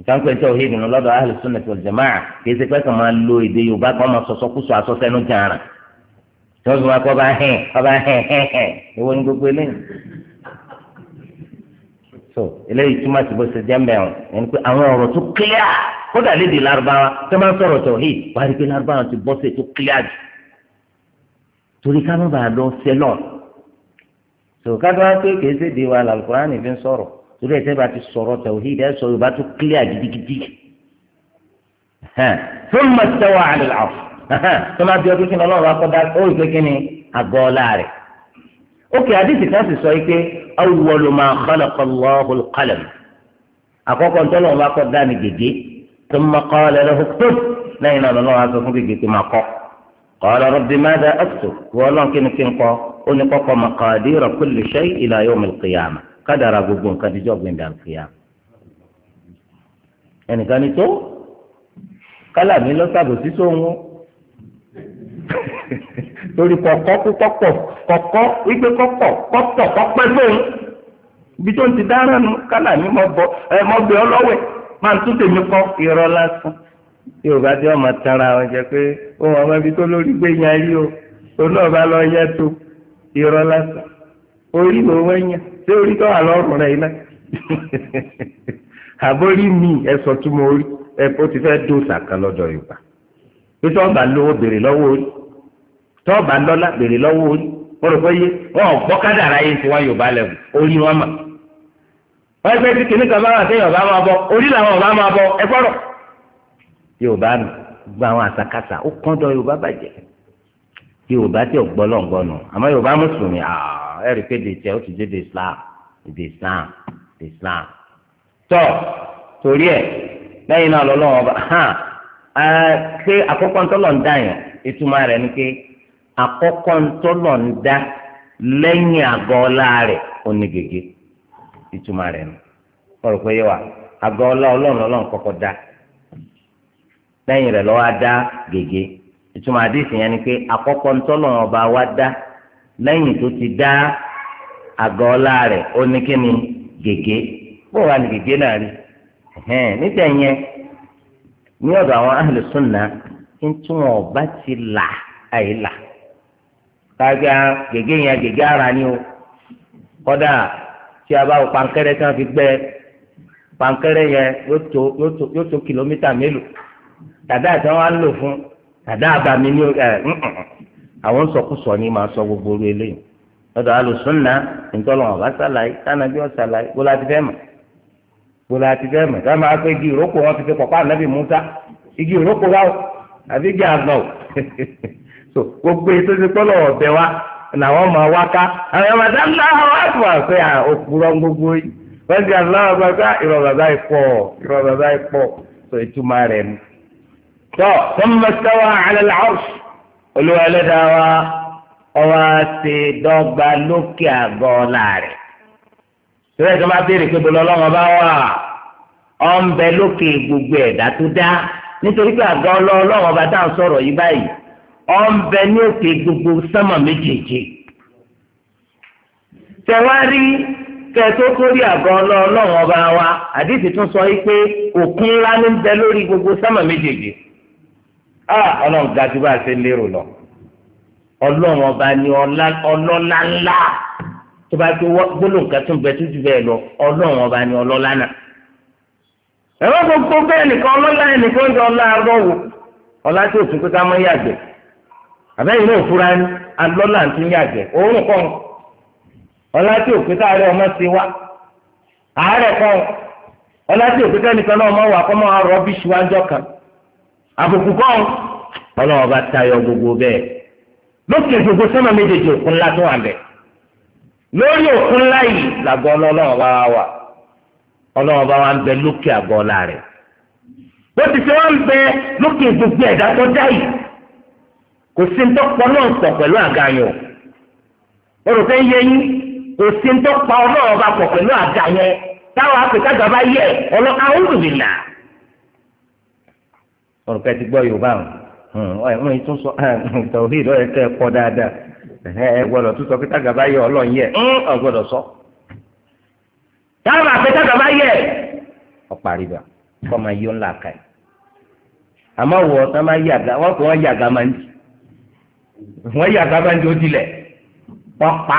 nǹkan pé nítorí ìdùnnú lọ́dọ̀ ahlus sunnah wal jamaa kìí ṣe pé kàn máa lo èdè yorùbá kan máa sọ̀sọ́ kú sọ asọ́sẹ́ ní jàrà tí wọ́n fi máa kọ́ bá hẹ́n kọ́ bá hẹ́n hẹ́n hẹ́n ìwọ ni gbogbo eléyìí. so eléyìí túmọ̀ sí bó ṣe jẹ́ mbẹ́ wọn ẹni pé àwọn ọ̀rọ̀ tó kílíà kódà lédè lárúbáwá tó máa ń sọ̀rọ̀ tó hì wá rí pé lárúbáwá ti bọ́ sí tó kílíà jù torí ká má bàa lọ sẹ́lọ̀ so ká torí ẹsẹ bá ti sọ̀rọ̀ tawhid ẹ sọ yorùbá tó clear gidigidi fún mọtẹwà àlùlọ tó máa bí ọdún kí ni Ọlọ́run akọdá ó rí pé kí ni àgọ ọlá rẹ ókè àdìsí kan sì sọ yìí pé awwalu ma khalaqa Allahul qalam àkọ́kọ́ ntọ́lọ́ wọn bá kọ́ dání gègé thumma qala lahu uktub lẹ́yìn náà lọ́wọ́ aṣọ fún gègé tó máa kọ́ qala rabbi madha aktub wọ́n kádàrà gbogbo nǹkan díjọ́ gbẹ̀ndà fìyà ẹnìkan ni tó kálàmì lọ́sàbòsí sóhun torí kọ̀kọ́ kọ́pọ̀ kọ̀kọ́ wípé kọ́pọ̀ kọ́pọ̀ kọ́pẹ́ sóhun ibi tó ń ti dára nu kálàmì mọ́ gbé ọ lọ́wẹ̀ máa tún tèmi kọ́ irọ́ lásán yorùbá tí wọn máa tara wọn jẹ pé ohun ọmọ ibi tó lórí gbé yan rí o òun náà bá lọ yẹ tó irọ́ lásán orí ló wọ́n yàn ṣé orí tó wà lọ́rùn rẹ̀ iná àbórí mi ẹ̀sọ̀ tí mo rí ẹ̀pọ̀ ti fẹ́ dó sàkà lọ́dọ̀ yorùbá pé tọ́ọ̀bà lówó béèrè lọ́wọ́ orí tọ́ọ̀bà lọ́lá béèrè lọ́wọ́ orí wọ́n rò pé yé wọ́n gbọ́ kádàrá yé tí wọ́n yorùbá lẹ́wọ̀ orí wọn mà wọ́n ẹgbẹ́ tí kìnnìkan bá wà sẹ́yìn ọ̀bá máa bọ̀ orí làwọn ọ̀bá máa bọ̀ ẹ gbọ́dọ̀ yorùbá nù gba àwọn àsakásà ó kán dọ yorùbá bàjẹ́ yorùbá tí ò gbọ́ lọ́ngbọ́n àmọ́ yorùbá mùsùlùmí àá ẹ rí i pé dèjẹ ó ti dé de islam de islam islam tọ torí ẹ lẹ́yìn náà lọ́lọ́run ọba hàn ẹ ṣé àkọ́kọ́ ntọ́lọ̀ ń dá yẹn ìtumọ̀ rẹ̀ ni pé àkọ́kọ́ ntọ́lọ̀ ń dá lẹ́yìn onígègé ni rò pé yẹ wa àgọ́ ọlá ọlọ́run ọlọ́run dá wa dá lẹ́yìn tó ti dá àgọ́ ọlá rẹ̀ ó ní kí ni gègé bó wà ní gègé náà rí níta yẹn ní ọ̀dọ̀ àwọn ahlu ń tún ọ̀bá ti là ah, ara ni o kọ́dà tí a bá wọ pankẹ́rẹ́ tí wọ́n fi gbẹ́ pankẹ́rẹ́ yẹn yóò tó kìlómítà mélòó dàda àti wọn á lò fún dàda àbàmì ni mm, mm, mm. àwọn sọkúsọ ní máa sọ gbogbo orí eléyìí lọ́dọ̀ alùsùnà ntọ́lọ́wọ̀n bá sàlàyé tánàbí ọ̀sàlàyé gbọ́dọ̀ àti fẹ́ẹ́ mọ̀ gbọ́dọ̀ àti fẹ́ẹ́ mọ̀ táwọn máa pé igi ìrókò wọn fi fi pọ̀pá ànábì Musa igi ìrókò wa o àbí igi àgbà o so gbogbo ètò ti pọ́lọ̀ ọ̀bẹ wa làwọn máa wá ká àwọn ọmọ dáńdá àwọn àgbà pé òkúrọ̀ gbogbo yìí wọ́n ti so ìtumọ̀ rẹ̀ mu. tọ́ sọ́mọ́sáwá àlẹ́ olúwa ẹlẹ́dàá wa ọwọ́ àti dọ́gba lókè àgọ́ rẹ̀ tẹ́lẹ̀ tó bá béèrè pé bọ́lá ọlọ́run ọba wà ọ̀ ń bẹ lókè gbogbo ẹ̀dá tó dá nítorí pé àgọ́ ọlọ́run ọba tá à ń yìí báyìí gbogbo sánmà méjèèjì àgọ́ ọlọ́run ọba wa àdìsí sọ yìí pé òkun ńlá ń gbogbo sánmà á ah, ọlọ́run bá a ṣe lérò lọ ọlọ́run ọba ni ọlọ́lá ńlá tó bá tó ń bẹ tó ju bẹ́ẹ̀ ọba ni ọlọ́lá náà ẹ̀rọ gbogbo bẹ́ẹ̀ nìkan ọlọ́lá ń jẹ arọ́ wò ọlá mọ́ yàgbẹ́ àbẹ́yìn náà fura ni alọ́lá ń tún yàgbẹ́ òórùn kọ́ ọlá ọmọ àárẹ̀ kọ́ ọlá náà ọmọ àbùkù kọ́ ọlọ́wọ́ bá tayọ gbogbo bẹ́ẹ̀ lókè gbogbo sọ́nà méjèèjì òkun ńlá tó wà okunla lórí òkun ńlá yìí làgọ́ ọlọ́wọ́ bá wà ọlọ́wọ́ bá wà ń bẹ lókè àgọ́ ọ̀la rẹ̀ bó ti sọ wá ń bẹ lókè gbogbo ẹ̀dá tó dá yìí kò sí ntọ́pọ̀ náà pọ̀ pẹ̀lú fẹ́ yẹ yín ọ̀rùn kẹ́ ti gbọ́ yorùbá ọ̀hún ọ̀hún ìtún sọ tọ̀hí lọ́yẹ̀ kẹ́ ẹ kọ́ dáadáa ẹ gbọ́dọ̀ tún sọ pé tágàbá yẹ ọlọ́run yẹ ọ gbọ́dọ̀ sọ. dábàá pé tágàbá yẹ ọ̀parí bá kọ́ máa yọ ńlá ka yìí àmọ́ wọ ọ̀tá máa yí àga wọ́n kọ́ wọ́n yí àga máa ń jì wọ́n yí àga máa ń jì ó dilẹ̀ wọ́n pa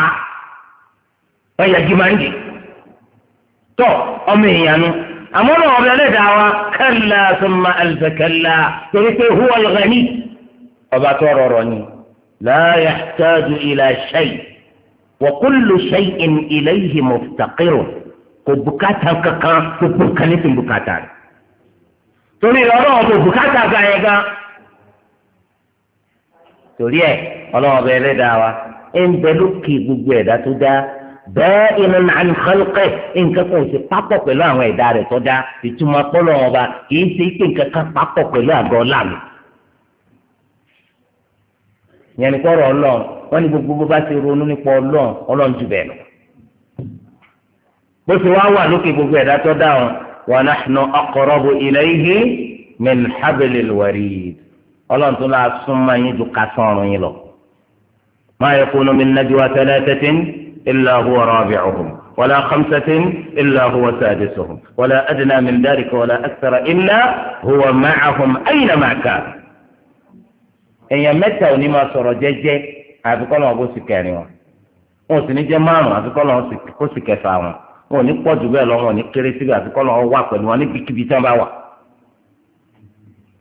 wọ́n àmọ́ náà ọbẹ̀ ẹlẹ́dàá wa kalla thumma alfa kalla torí pé huwa al-ghani ọba tó rọrọ ni la yahtaju ila shay wa kullu shay'in ilayhi muftaqirun kò bùkátà kankan tó kú kálí tó bùkátà rẹ̀ torí ọlọ́wọ́ tó bùkátà gan gan torí ẹ ọlọ́wọ́ bẹ ẹlẹ́dàá wa ẹ ń bẹ lókè gbogbo ẹ̀dá tó dá da'iman an khalqih nǹkan kan ò sí pápọ̀ pẹ̀lú àwọn ẹ̀dá rẹ̀ tó dá ìtumọ̀ pọ́lọ́ wọn bá kì í ṣe pé nǹkan kan pápọ̀ pẹ̀lú àgọ́ ọ̀làmì. ìyẹn ni kọ́rọ̀ ọlọ́run wọ́n ní gbogbo bó bá ti ronú nípa ọlọ́run ọlọ́run jù bẹ́ẹ̀ lọ. bó ti wá wà lókè gbogbo ẹ̀dá tó dá wọn wa nahnu aqrabu ilayhi min hablil warid إلا هو رابعهم ولا خمسة إلا هو سادسهم ولا أدنى من ذلك ولا أكثر إلا هو معهم أينما كان إن mẹ́ta ò ní máa sọ̀rọ̀ jẹ́jẹ́ àfi kọ́ lọ́wọ́ kó sì kẹrin wọn wọn ò sì ní jẹ́ márùn-ún àfi kọ́ lọ́wọ́ kó sì kẹfà wọn wọn ò ní pọ̀ jù bẹ́ẹ̀ lọ́wọ́ wọn ò ní kéré síbi àfi kọ́ lọ́wọ́ wà pẹ̀lú wọn níbikíbi tí wọ́n bá wà.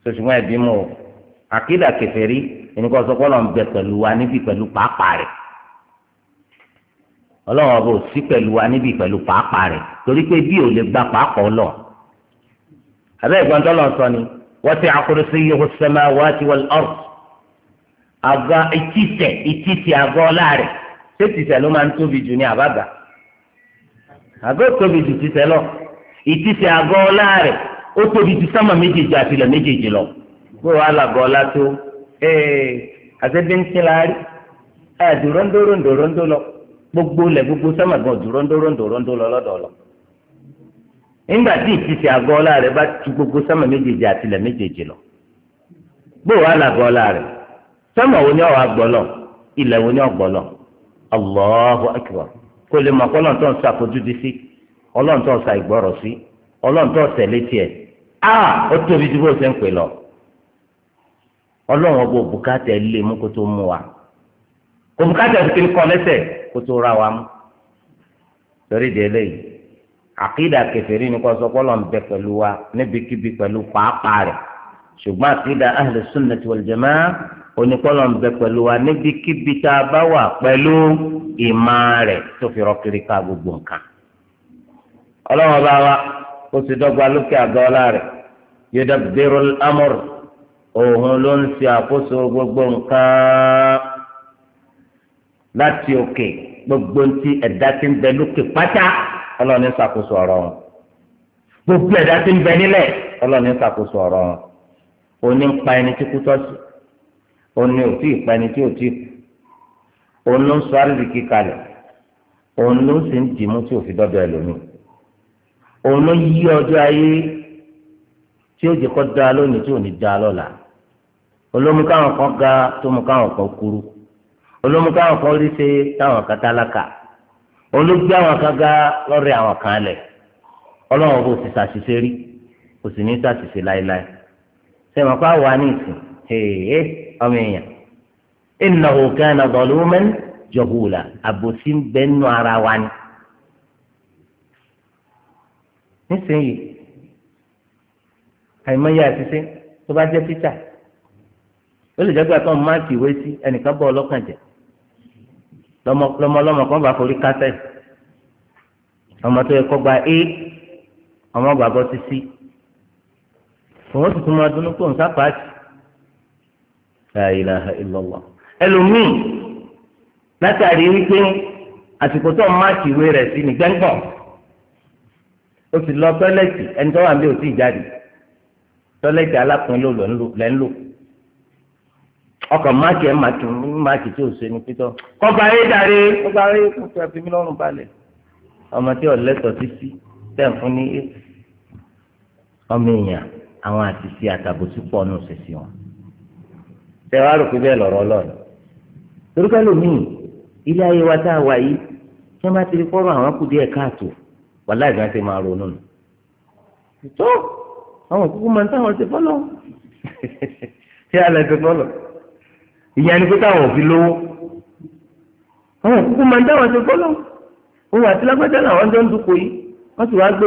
sọ̀tùmọ́ ẹ̀bí mu àkídà kèfèrí ẹnì kan sọ kọ́ ń bẹ pẹ̀lú wa níbi pẹ̀lú pàápàá rẹ̀ ọlọ́run ọba ò sí pẹ̀lú wa níbi pẹ̀lú pàápàá rẹ̀ torí pé bí ò lè gba pàápàá lọ. abẹ́ ìgbọ́n tọ́lọ̀ sọ ni wasi'a kursiyyuhu as-samawati wal-ard àga ìtìsẹ̀ ìtìsẹ̀ àga ọlá rẹ̀ ṣé tìsẹ̀ ló máa ń tóbi jù ní àbága àga ó tóbi jù tìsẹ̀ lọ ìtìsẹ̀ àga ọlá rẹ̀ ó tóbi jù sámà méjèèjì àti ilẹ̀ méjèèjì lọ bó wàá làgọ ọlá tó ẹ̀ẹ́ gbogbo lẹ gbogbo sẹmàgàn ju rondo rondo lọ nígbà tí ọlá gbogbo sẹmà méjèèjì àti ilẹ̀ méjèèjì lọ gbòòwò àlàgọ́ ọlá rẹ sẹmà wo ni ọwọ agbọlọ ilẹ̀ wo ni ọgbọlọ Allahu akbar kò lè mọ ọlọ́run sí sí lọ ọgbọ lé mú kò bùkátà ìfikiri kọ lẹ́sẹ̀ kó tó ra wa mú torí de eléyìí àkídà kèfèrí ni kò sọ pé Ọlọ́run bẹ pẹ̀lú wa níbikíbi pẹ̀lú pàápàá rẹ̀ ṣùgbọ́n àkídà ahlu sunnati wal jamaa oníkọ́lọ̀ ń bẹ pẹ̀lú wa níbikíbi tá a bá wà pẹ̀lú ìmọ̀ rẹ̀ tó fi rọ kiri ká gbogbo nǹkan. ọlọ́wọ́n bá wa ó ti dọ́gba lókè àgọ́ rẹ̀ yudabbiru al-amr òun ló ń ṣe àkóso gbogbo nǹkan láti òkè gbogbo ntí ẹ̀dá tí ń bẹ lókè pátá ọlọ́ọ̀ni ń ṣàkóso ọ̀rọ̀ wọn gbogbo ẹ̀dá tí ń bẹ nílẹ̀ ọlọ́ọ̀ni ń ṣàkóso ọ̀rọ̀ wọn òní ń pa ẹni tí kú tọ́sí òní ò tí ì pa ẹni tí ò tí ì kú òun ló ń sọ àrídìkí kalẹ̀ òun ló sì ń dìímú tí òfin dọ́dọ̀ ẹlòmíì òun ló yí ọjọ́ ayé tí ó jẹ́ kọ́ da lónìí tí ò ní da lọ́la olómùkáwọn kan ga tó mùkáwọn kan kúrú olómùká àwọn kan rí ṣe táwọn kan tálákà olóògbé àwọn kan gá lọ́rẹ̀ àwọn kan lẹ̀ ọlọ́run kò sì ṣàṣìṣe rí kò sì ní ṣàṣìṣe láéláé sẹ́wọ̀n pa wà ní ìsìn hèèhè ọmọ èèyàn innahu kana zaluman jahula àbòsí ń ara wa ni. nísìnyí àìmọye àṣìṣe tó bá jẹ́ títà ó lè jẹ́ pé máàkì ìwé sí ẹnìkan bọ́ ọlọ́kàn jẹ́ lọmọlọmọ kan bá forí kásẹ̀ ọmọ tó yẹ kó gba a ọmọ bá bọ́ sí c òun sì tún máa dúnú pé òun sápàtì la ilaha illallah ẹlòmíì látàrí wípé àsìkò tó ń máàkì ìwé rẹ̀ sí ní gbẹ́ngbọ̀n ó sì lọ tọ́lẹ̀tì ẹni tó wà ń bẹ̀ ò tí jáde tọ́lẹ̀tì alákùnrin ló lẹ́ ń lò ọkàn máàkì ẹ̀ máàkì máàkì tí ò ṣe ni pítọ́ kọ́ba ayé dàrí kọ́ba ayé kò tó ẹ̀fí mi lọ́rùn balẹ̀ ọmọ tí ọ̀lẹ́tọ̀ ti sí tẹ̀ fún ní é ọmọ èèyàn àwọn àtìsí àtàbòsí pọ̀ nù sẹ̀sì wọn tẹ wá rò pé bẹ́ẹ̀ lọ̀rọ̀ ọlọ́run torí ká lómìn ilé ayé wa tá a wà tí wọ́n bá ti rí fọ́rọ̀ àwọn kù díẹ̀ káàtó wàhálà ìgbà tí máa ronú nù tó àwọn kúkú máa ń táwọn ṣe fọ́lọ́ tí a lè ṣe fọ́lọ́ a ni pé táwọn fi lówó àwọn òkúkú máa ń dáwọn ṣe òun àti lágbájá làwọn jọ ń dúpọ̀ yìí wọ́n sì wá gbé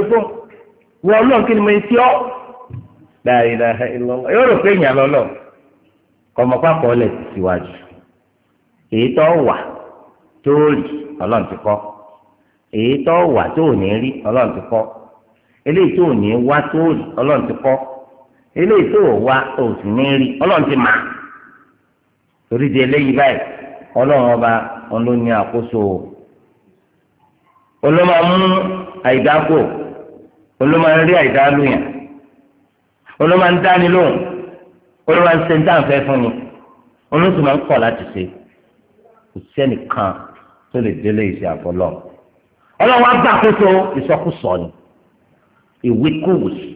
ọlọ́run kí ni mo ti ọ́ dáadáa yóò rò pé lọ́lọ́ kọ̀mọ̀pákọ̀ ti síwájú èyí tó wà tó ọlọ́run ti kọ́ èyí wà tó ò ní rí ọlọ́run ti kọ́ eléyìí tó ò ní wá tó ọlọ́run ti kọ́ eléyìí tó ò wá ò sì ní rí ọlọ́run torí di eléyìí báyìí ọlọ́run ọba ọlọ́ni àkóso olóma mú àìdáko olóma rí àìdálóyàn olóma ń dáni lóhùn olóma ń ṣe ń dáǹfẹ́ fún ni olóṣù máa ń kọ̀ láti ṣe kò sẹ́nìkan tó lè délé ìṣe àfọlọ́ ọlọ́run á bá àkóso ìsọkúsọ ni ìwíkúwìsì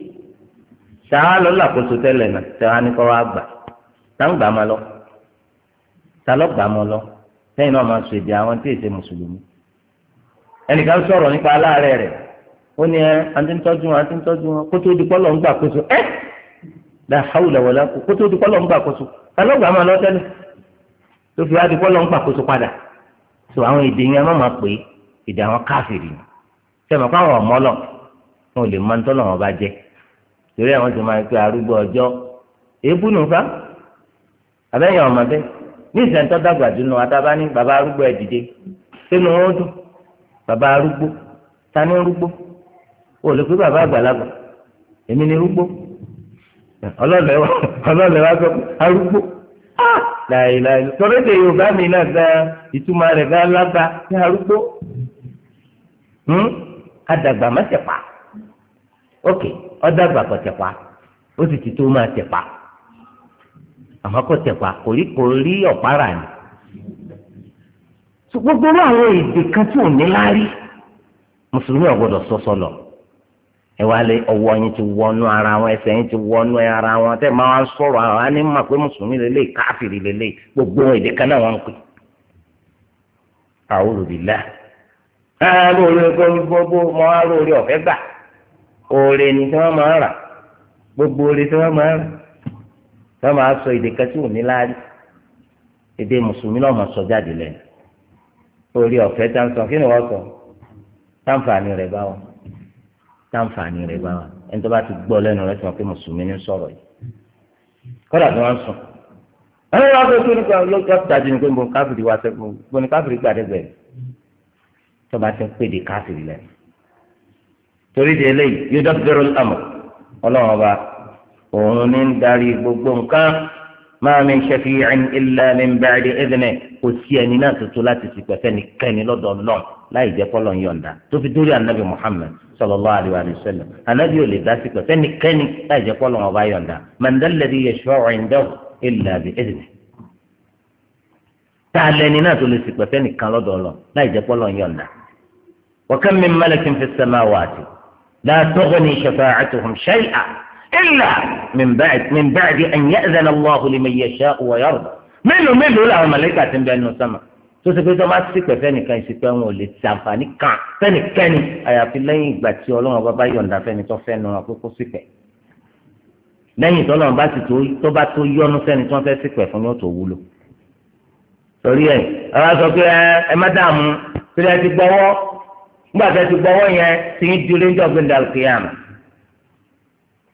tàá lọ́lọ́ àkóso tẹ́lẹ̀ náà tẹ́wá ní kọ́ wá gbà táwọn gbà máa lọ ta lọ gbà mọ lọ sẹ́yìn náà máa ṣèdè àwọn tí èsè mùsùlùmí ẹnìkan sọ̀rọ̀ nípa aláàárẹ̀ rẹ̀ ó ní ẹ àti ń tọ́jú wọn àti ń tọ́jú wọn kó tó di pọlọ ń gbà kóso ẹ la hawla wala kó kó tó di pọlọ ń gbà kóso ta lọ gbà mọ lọ tẹ́lẹ̀ tó fi wá di pọlọ ń gbà kóso padà tó àwọn èdè yẹn má máa pè èdè àwọn káfìrì sẹmọ àbẹ́yẹn ọmọ bẹ́ẹ̀ ní ìsẹ̀ńtọ́ dàgbà dùnú àtàbá ní bàbá arúgbó ẹ̀ dìde sínú dùn bàbá arúgbó ta ni o lè fi bàbá àgbàlagbà èmi ni arúgbó ọlọ́lẹ̀ wa sọ arúgbó ah! láìláì tọ́lẹ́dẹ̀ yorùbá mi náà gan ìtumọ̀ rẹ̀ gan àmọ́ kò tẹ̀pà kò rí kò rí ọ̀pára ni. gbogbo àwọn èdè kan tí ò ní láárí mùsùlùmí ọ̀gbọ́dọ̀ sọ́sọ́ lọ. ẹ wá ti wọnú ara wọn ẹsẹ̀ yín ti wọnú ara wọn tẹ́ máa ń sọ̀rọ̀ àwọn ni ní pe pé mùsùlùmí lélẹ̀ lele lélẹ̀ gbogbo èdè kan náà wọ́n ń pè. àwọn olùdílà ẹ lóore gbogbo mọ́ á lóore ọ̀fẹ́ gbà oore ni tí wọ́n máa gbogbo oore tí wọ́n máa yóò máa sọ èdè kan tí ò ní láàrí èdè mùsùlùmí náà máa sọ jáde lẹ́nu orí ọ̀fẹ́ tá ń sọ kí ni wọ́n sọ táǹfààní rẹ̀ bá wọn táǹfààní rẹ̀ bá wọn ẹni tó bá ti gbọ́ lẹ́nu rẹ̀ sọ pé mùsùlùmí ní sọ̀rọ̀ yìí kọ́dà tí wọ́n sùn ẹni wọ́n sọ pé nípa lójú ọ̀tá ju ní pé káfìrí wa sẹ́kù mo ní káfìrí gbàdẹ́gbẹ̀ tó bá ti ń pè dé káfìrí lẹ́nu torí di eléyìí yóò dọ́kítẹ́rọ̀ òun ní ń darí gbogbo nǹkan ma min shafi'in illa min ba'di idhnihi kò sí ẹni náà tuntun láti sì pẹ̀fẹ́ nìkẹ́ni lọ́dọ̀ náà láì jẹ́ kọ́lọ̀ ń yọ̀ǹda tó fi dórí anabi muhammed sallallahu alayhi wa sallam anabi ò lè dá sí pẹ̀fẹ́ nìkẹ́ni láì jẹ́ kọ́lọ̀ ọba yọ̀ǹda man alladhi yashfa'u 'indahu illa tá a lẹni náà tó lè sì pẹ̀fẹ́ nìkan lọ́dọ̀ náà láì jẹ́ kọ́lọ̀ ń yọ̀ǹda wa kam min malakin fis samawati la tughni shafa'atuhum shay'an إلا من بعد من بعد أن يأذن الله لمن يشاء ويرضى mélòó mélòó làwọn mọ̀lẹ́kà ti ń bẹ ẹnu sọ́mà tó ṣe pé tó bá ṣìpẹ̀ fẹ́nìkan ìṣìpẹ̀ wọn ò lè ṣàǹfààní kan fẹ́nìkẹ́ni àyàfi lẹ́yìn ìgbà tí ọlọ́run bá bá yọ̀ǹda fẹ́ni tó fẹ́ nu wọn pé kó ṣìpẹ̀ lẹ́yìn tó lọ́run bá sì tó bá tó yọ́nú fẹ́ni tó fẹ́ ṣìpẹ̀ fún yóò tó wúlò. torí ẹ ọlọ́run sọ pé ẹ má dààmú torí ẹ ti gbọ́wọ́ nígbà tó ti gbọ́wọ́ yẹn ti ń di orí ń jọ gbẹ̀ndàlùkìyàmù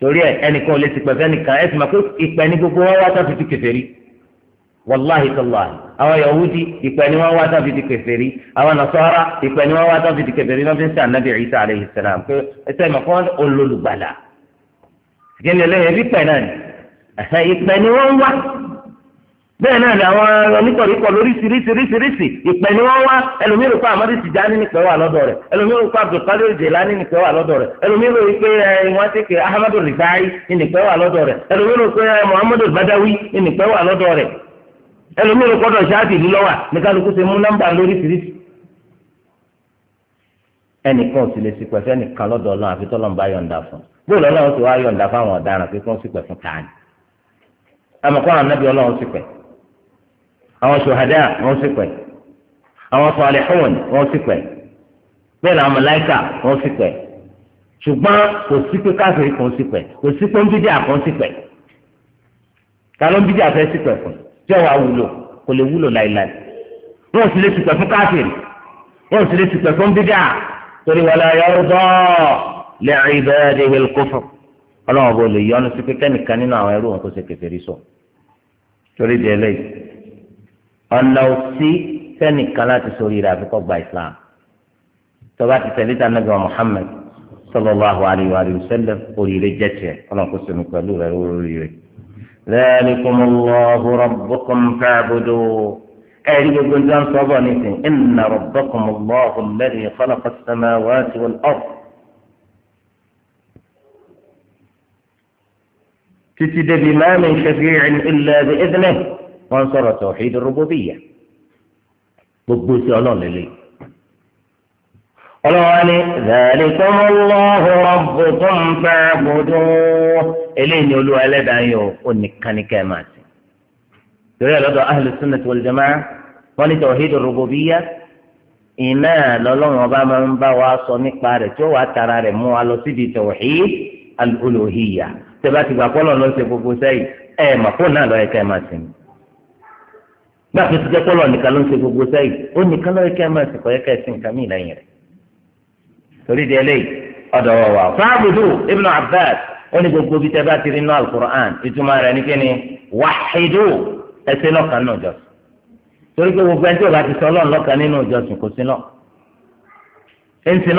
torí ẹ ẹnìkan ò lè ti pẹ̀fẹ́ nìkan ẹ sì máa pé ìpẹ́ ní gbogbo wọn wá sáfi ti kèfèrí wàláhi tọ́lá àwọn yahudi ìpẹ́ ni wọ́n wá sáfi ti kèfèrí àwọn nasara ìpẹ́ ni wọ́n wá sáfi ti kèfèrí náà fi ń sàn nàbì Ìsá alayhi salam pé ẹsẹ̀ ìmọ̀ fún olólùgbàlà ìdílé lẹ́yìn ẹbí pẹ̀ náà ni ìpẹ́ ni wọ́n wá bẹ́ẹ̀ náà ni àwọn onítọ̀ríkọ̀ lóríṣiríṣiríṣiríṣi ìpẹ́ ni wọ́n wá ẹlòmíràn kó Amadu Tijani nìpẹ́ wà lọ́dọ̀ rẹ̀ ẹlòmíràn kó Abdulkadir Jelani nìpẹ́ wà lọ́dọ̀ rẹ̀ ẹlòmíràn pé wọ́n ti pè Ahmadu Rifai nìpẹ́ wà lọ́dọ̀ rẹ̀ ẹlòmíràn pé Muhammadu Badawi nìpẹ́ wà lọ́dọ̀ rẹ̀ ẹlòmíràn kọ́dọ̀ ṣáàtì lílọ́wà nìkálukú ti mú àwọn sòhádà wọ́n sì pẹ̀ àwọn sọ̀lẹ́hùn wọ́n sì pẹ̀ bẹ́ẹ̀ ni àwọn màláíkà wọ́n sì pẹ̀ ṣùgbọ́n kò sí pé káfíìrì kan sì pẹ̀ kò sí pé ń bídíà kan sì pẹ̀ ta ló ń bídíà fẹ́ sì pẹ̀ fún tí ọ̀wà wúlò kò lè wúlò láìláì wọ́n sì lè sì pẹ̀ fún káfíìrì wọ́n sì lè sì pẹ̀ fún bídíà torí wala yarda li ibadihi al-kufr ọlọ́wọ́n bò lè yọ ọ́nù sí pé kẹ́nìkan nínú àwọn ẹrú òun kò ṣe kèfèrí sọ torí di ẹlẹ́yìí ọ̀nà òsì sẹ́nìkan láti sórí rẹ̀ àfikọ́ gba islam tọ́ba ti tẹ̀lé ta nàgbà muhammed sallallahu alayhi wa sallam oríire jẹ́ tiẹ̀ ọ̀nà kò sínú pẹ̀lú rẹ̀ oríire. dhalikumullahu rabbukum fa'budu ẹ̀rí gbogbo ń dán sọ́bọ̀ nísìn inna rabbakumullahu alladhi khalaqa as-samawati wọn títí débi ma min shafi'in illa ẹ̀dínlẹ̀. wọ́n ń sọ̀rọ̀ tawhid rububiyyah gbogbo sí ọlọ́run lélẹ̀. ọlọ́wọ́ ni dhalikum Allahu rabbukum fa'buduhu eléyìí ni olúwa ẹlẹ́dàá yìí ó nìkan ní kẹ́ẹ̀ máa sìn. torí ẹ̀ lọ́dọ̀ ahlus sunnah wal jama'ah wọ́n ní tawhid rububiyyah iná lọ́lọ́run ọba máa ń bá wa sọ nípa rẹ̀ tí ó wàá tara rẹ̀ mú wa lọ síbi tawhid al-uluhiyyah tẹ́bá ti gbà pọ́lọ́ gbogbo sẹ́yìn ẹ̀ mà fóònù náà lọ́yẹ̀ kẹ́ẹ̀ máa sìn bí àti tijẹ́ pọ́lọ̀ nìkan ló ń ṣe gbogbo sẹ́yìn ó nìkan lọ́yẹ kẹ́ máa sìnkọ́ yẹ kẹ́ sí nǹkan mí lẹ́yìn rẹ̀ torí di ẹlẹ́yìí ọ̀dọ̀ wọ̀ wá fáàbùdù ibn Abbas ó ní gbogbo bí tẹ́ bá ti rí náà alukur'an ìtumọ̀ rẹ̀ ní kíni wàhídù ẹsẹ̀ lọ́kàn náà jọ torí pé gbogbo ẹni tí ò bá ti sọ ọlọ́run lọ́kàn nínú ìjọsìn kò sí náà ẹnití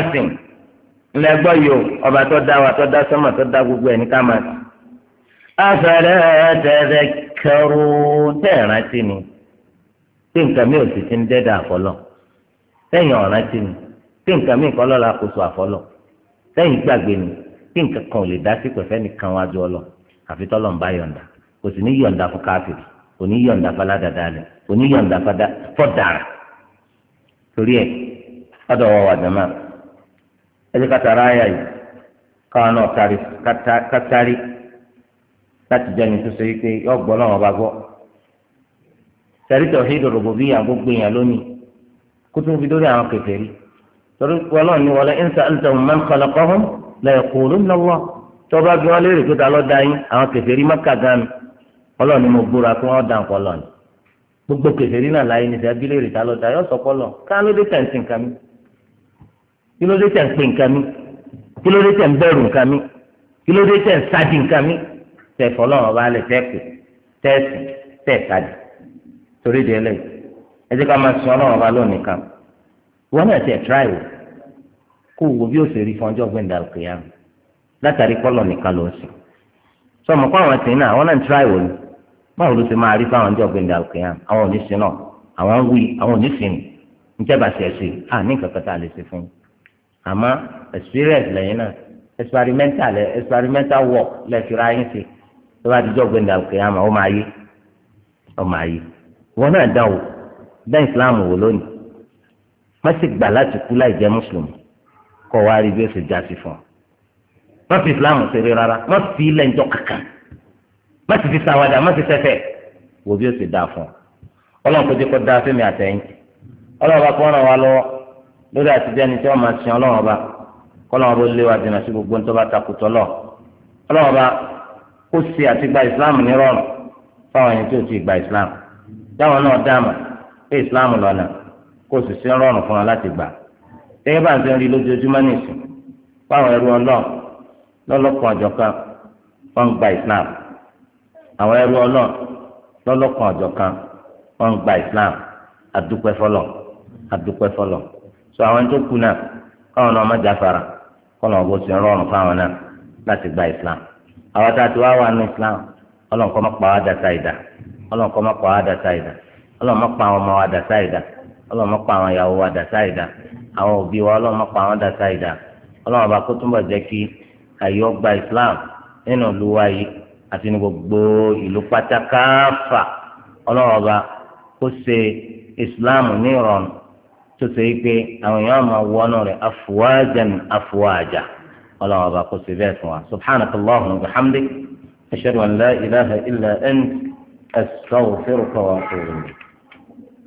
náà tó lẹgbọ gbọ́ yìí o ọba tó dá wa tó dá sọ́mà tó dá gbogbo ẹ̀ ní ká máa sùn. afẹ́rẹ́ tẹ̀rẹ̀ kẹrù tẹ̀rántí ni tí nǹkan mi ò sì ti ń dẹ́dà ni tí nǹkan mi kóso ni tí kan ò lè dá sí nìkan ọlọ àfi ń bá kò sì ní fún káfíìrì kò ní kò ẹjẹ kátàrà àyà yìí káwọn náà kárí kátàrí láti jẹ́ ní tó ṣe wípé yọ gbọ́ náà wọ́n bá gbọ́ sẹ́rí tọ̀hídù rububiyya gbogbo èèyàn lónìí kótó fi dórí àwọn kèfèrí torí ọlọ́run ní wala in sa'altahum man khalaqahum la yaqulunna Allah tọ́ba bí wọ́n léèrè tó ta lọ́ọ́ da yín àwọn kèfèrí Mákà gan mi ọlọ́run ni mo búra kí wọ́n dà nǹkan lọ́ọ̀ni gbogbo kèfèrí náà láyé ní sẹ́bí léèrè ta lọ́ọ́ da yọ sọ́kọ́ lọ káà ló dé tẹ̀sí nǹkan mi. kí ló pe mi kí ló n tẹ̀ ń mi kí ló dé tẹ̀ ń sáàdì nǹkan mi tẹ̀ fọlọ́run bá lẹ̀ tẹ́ pè tẹ́ẹ̀sì tẹ̀ torí ká máa sọ lónìí kan wọn náà tẹ̀ tíráì wò kó wo bí ó ṣe rí fún ọjọ́ òkèèyàn látàrí kọ́lọ̀ nìkan ló ń sìn sọmọ kó àwọn tìǹà àwọn náà tíráì báwo ló máa rí fáwọn àmọ́ experience lẹ́yìn náà experimental experimental work lẹ́fìrà yín sí tó bá dijọ́ gbẹ̀ndà òkè àmọ́ ó máa yé ó máa yé wọn náà dá o dá islam wò lónìí má sì gbà láti kú láì jẹ́ mùsùlùmí kọ́ wa rí bí ó ṣe já sí fún ọ má fi islam ṣeré rárá má fi ilẹ̀ ńjọ kankan má sì fi sàwádà má sì fẹ́fẹ́ wò bí ó ṣe dá fún ọ ọlọ́run kò jẹ́ kó dá fẹ́mi àtẹ̀yìn ọlọ́run bá kọ́ ràn wá lọ́wọ́ lórí àtijọ́ ẹni tí wọ́n máa sìn ọlọ́run ọba kọ́lọ́run ọba lé wa dènà sí gbogbo ní tó bá takùtọ̀ lọ ọlọ́run ọba ó ṣe àti gba ìsìláàmù ní rọrùn fáwọn ẹni tí ò ti gba ìsìláàmù táwọn náà dáàmà pé ìsìláàmù lọ́nà kó sì sí rọrùn fún wọn láti gbà gẹ́gẹ́ bá ń sẹ́ rí lójoojúmọ́ ní ìsìn fáwọn ẹrú ọlọ́run lọ́lọ́kan ọ̀jọ̀kan wọ́n ń gba ìsìláàmù àwọn ẹrú ọlọ́run lọ́lọ́kan ọ̀jọ̀kan wọ́n ń gba ìsìláàmù sọ àwọn tó kú náà káwọn náà má jáfara kọ́nà ọ̀bọ ti rọrùn fáwọn náà láti gba islam àwọn tá a ti wá wà ní islam ọlọ́nkọ́ má pa wá dàtà ìdá ọlọ́nkọ́ má pa wá dàtà ìdá ọlọ́n má pa àwọn ọmọ wa dàtà ìdá ọlọ́n má pa àwọn wa dàtà ìdá àwọn òbí wa ọlọ́n má pa àwọn dàtà ìdá ọlọ́n ọba kó islam nínú ìlú wa yìí gbogbo ìlú pátákáfà ọlọ́n ọba kó islam ní ìrọ̀rùn tó ṣe é pé àwọn èèyàn máa wọnú rẹ̀ afuwajan afuwaja ọlọ́run ọba kò sí bẹ́ẹ̀ fún wa subhanaka allahumma wa bihamdik ashhadu an la ilaha illa ant astaghfiruka wa atubu ilayk.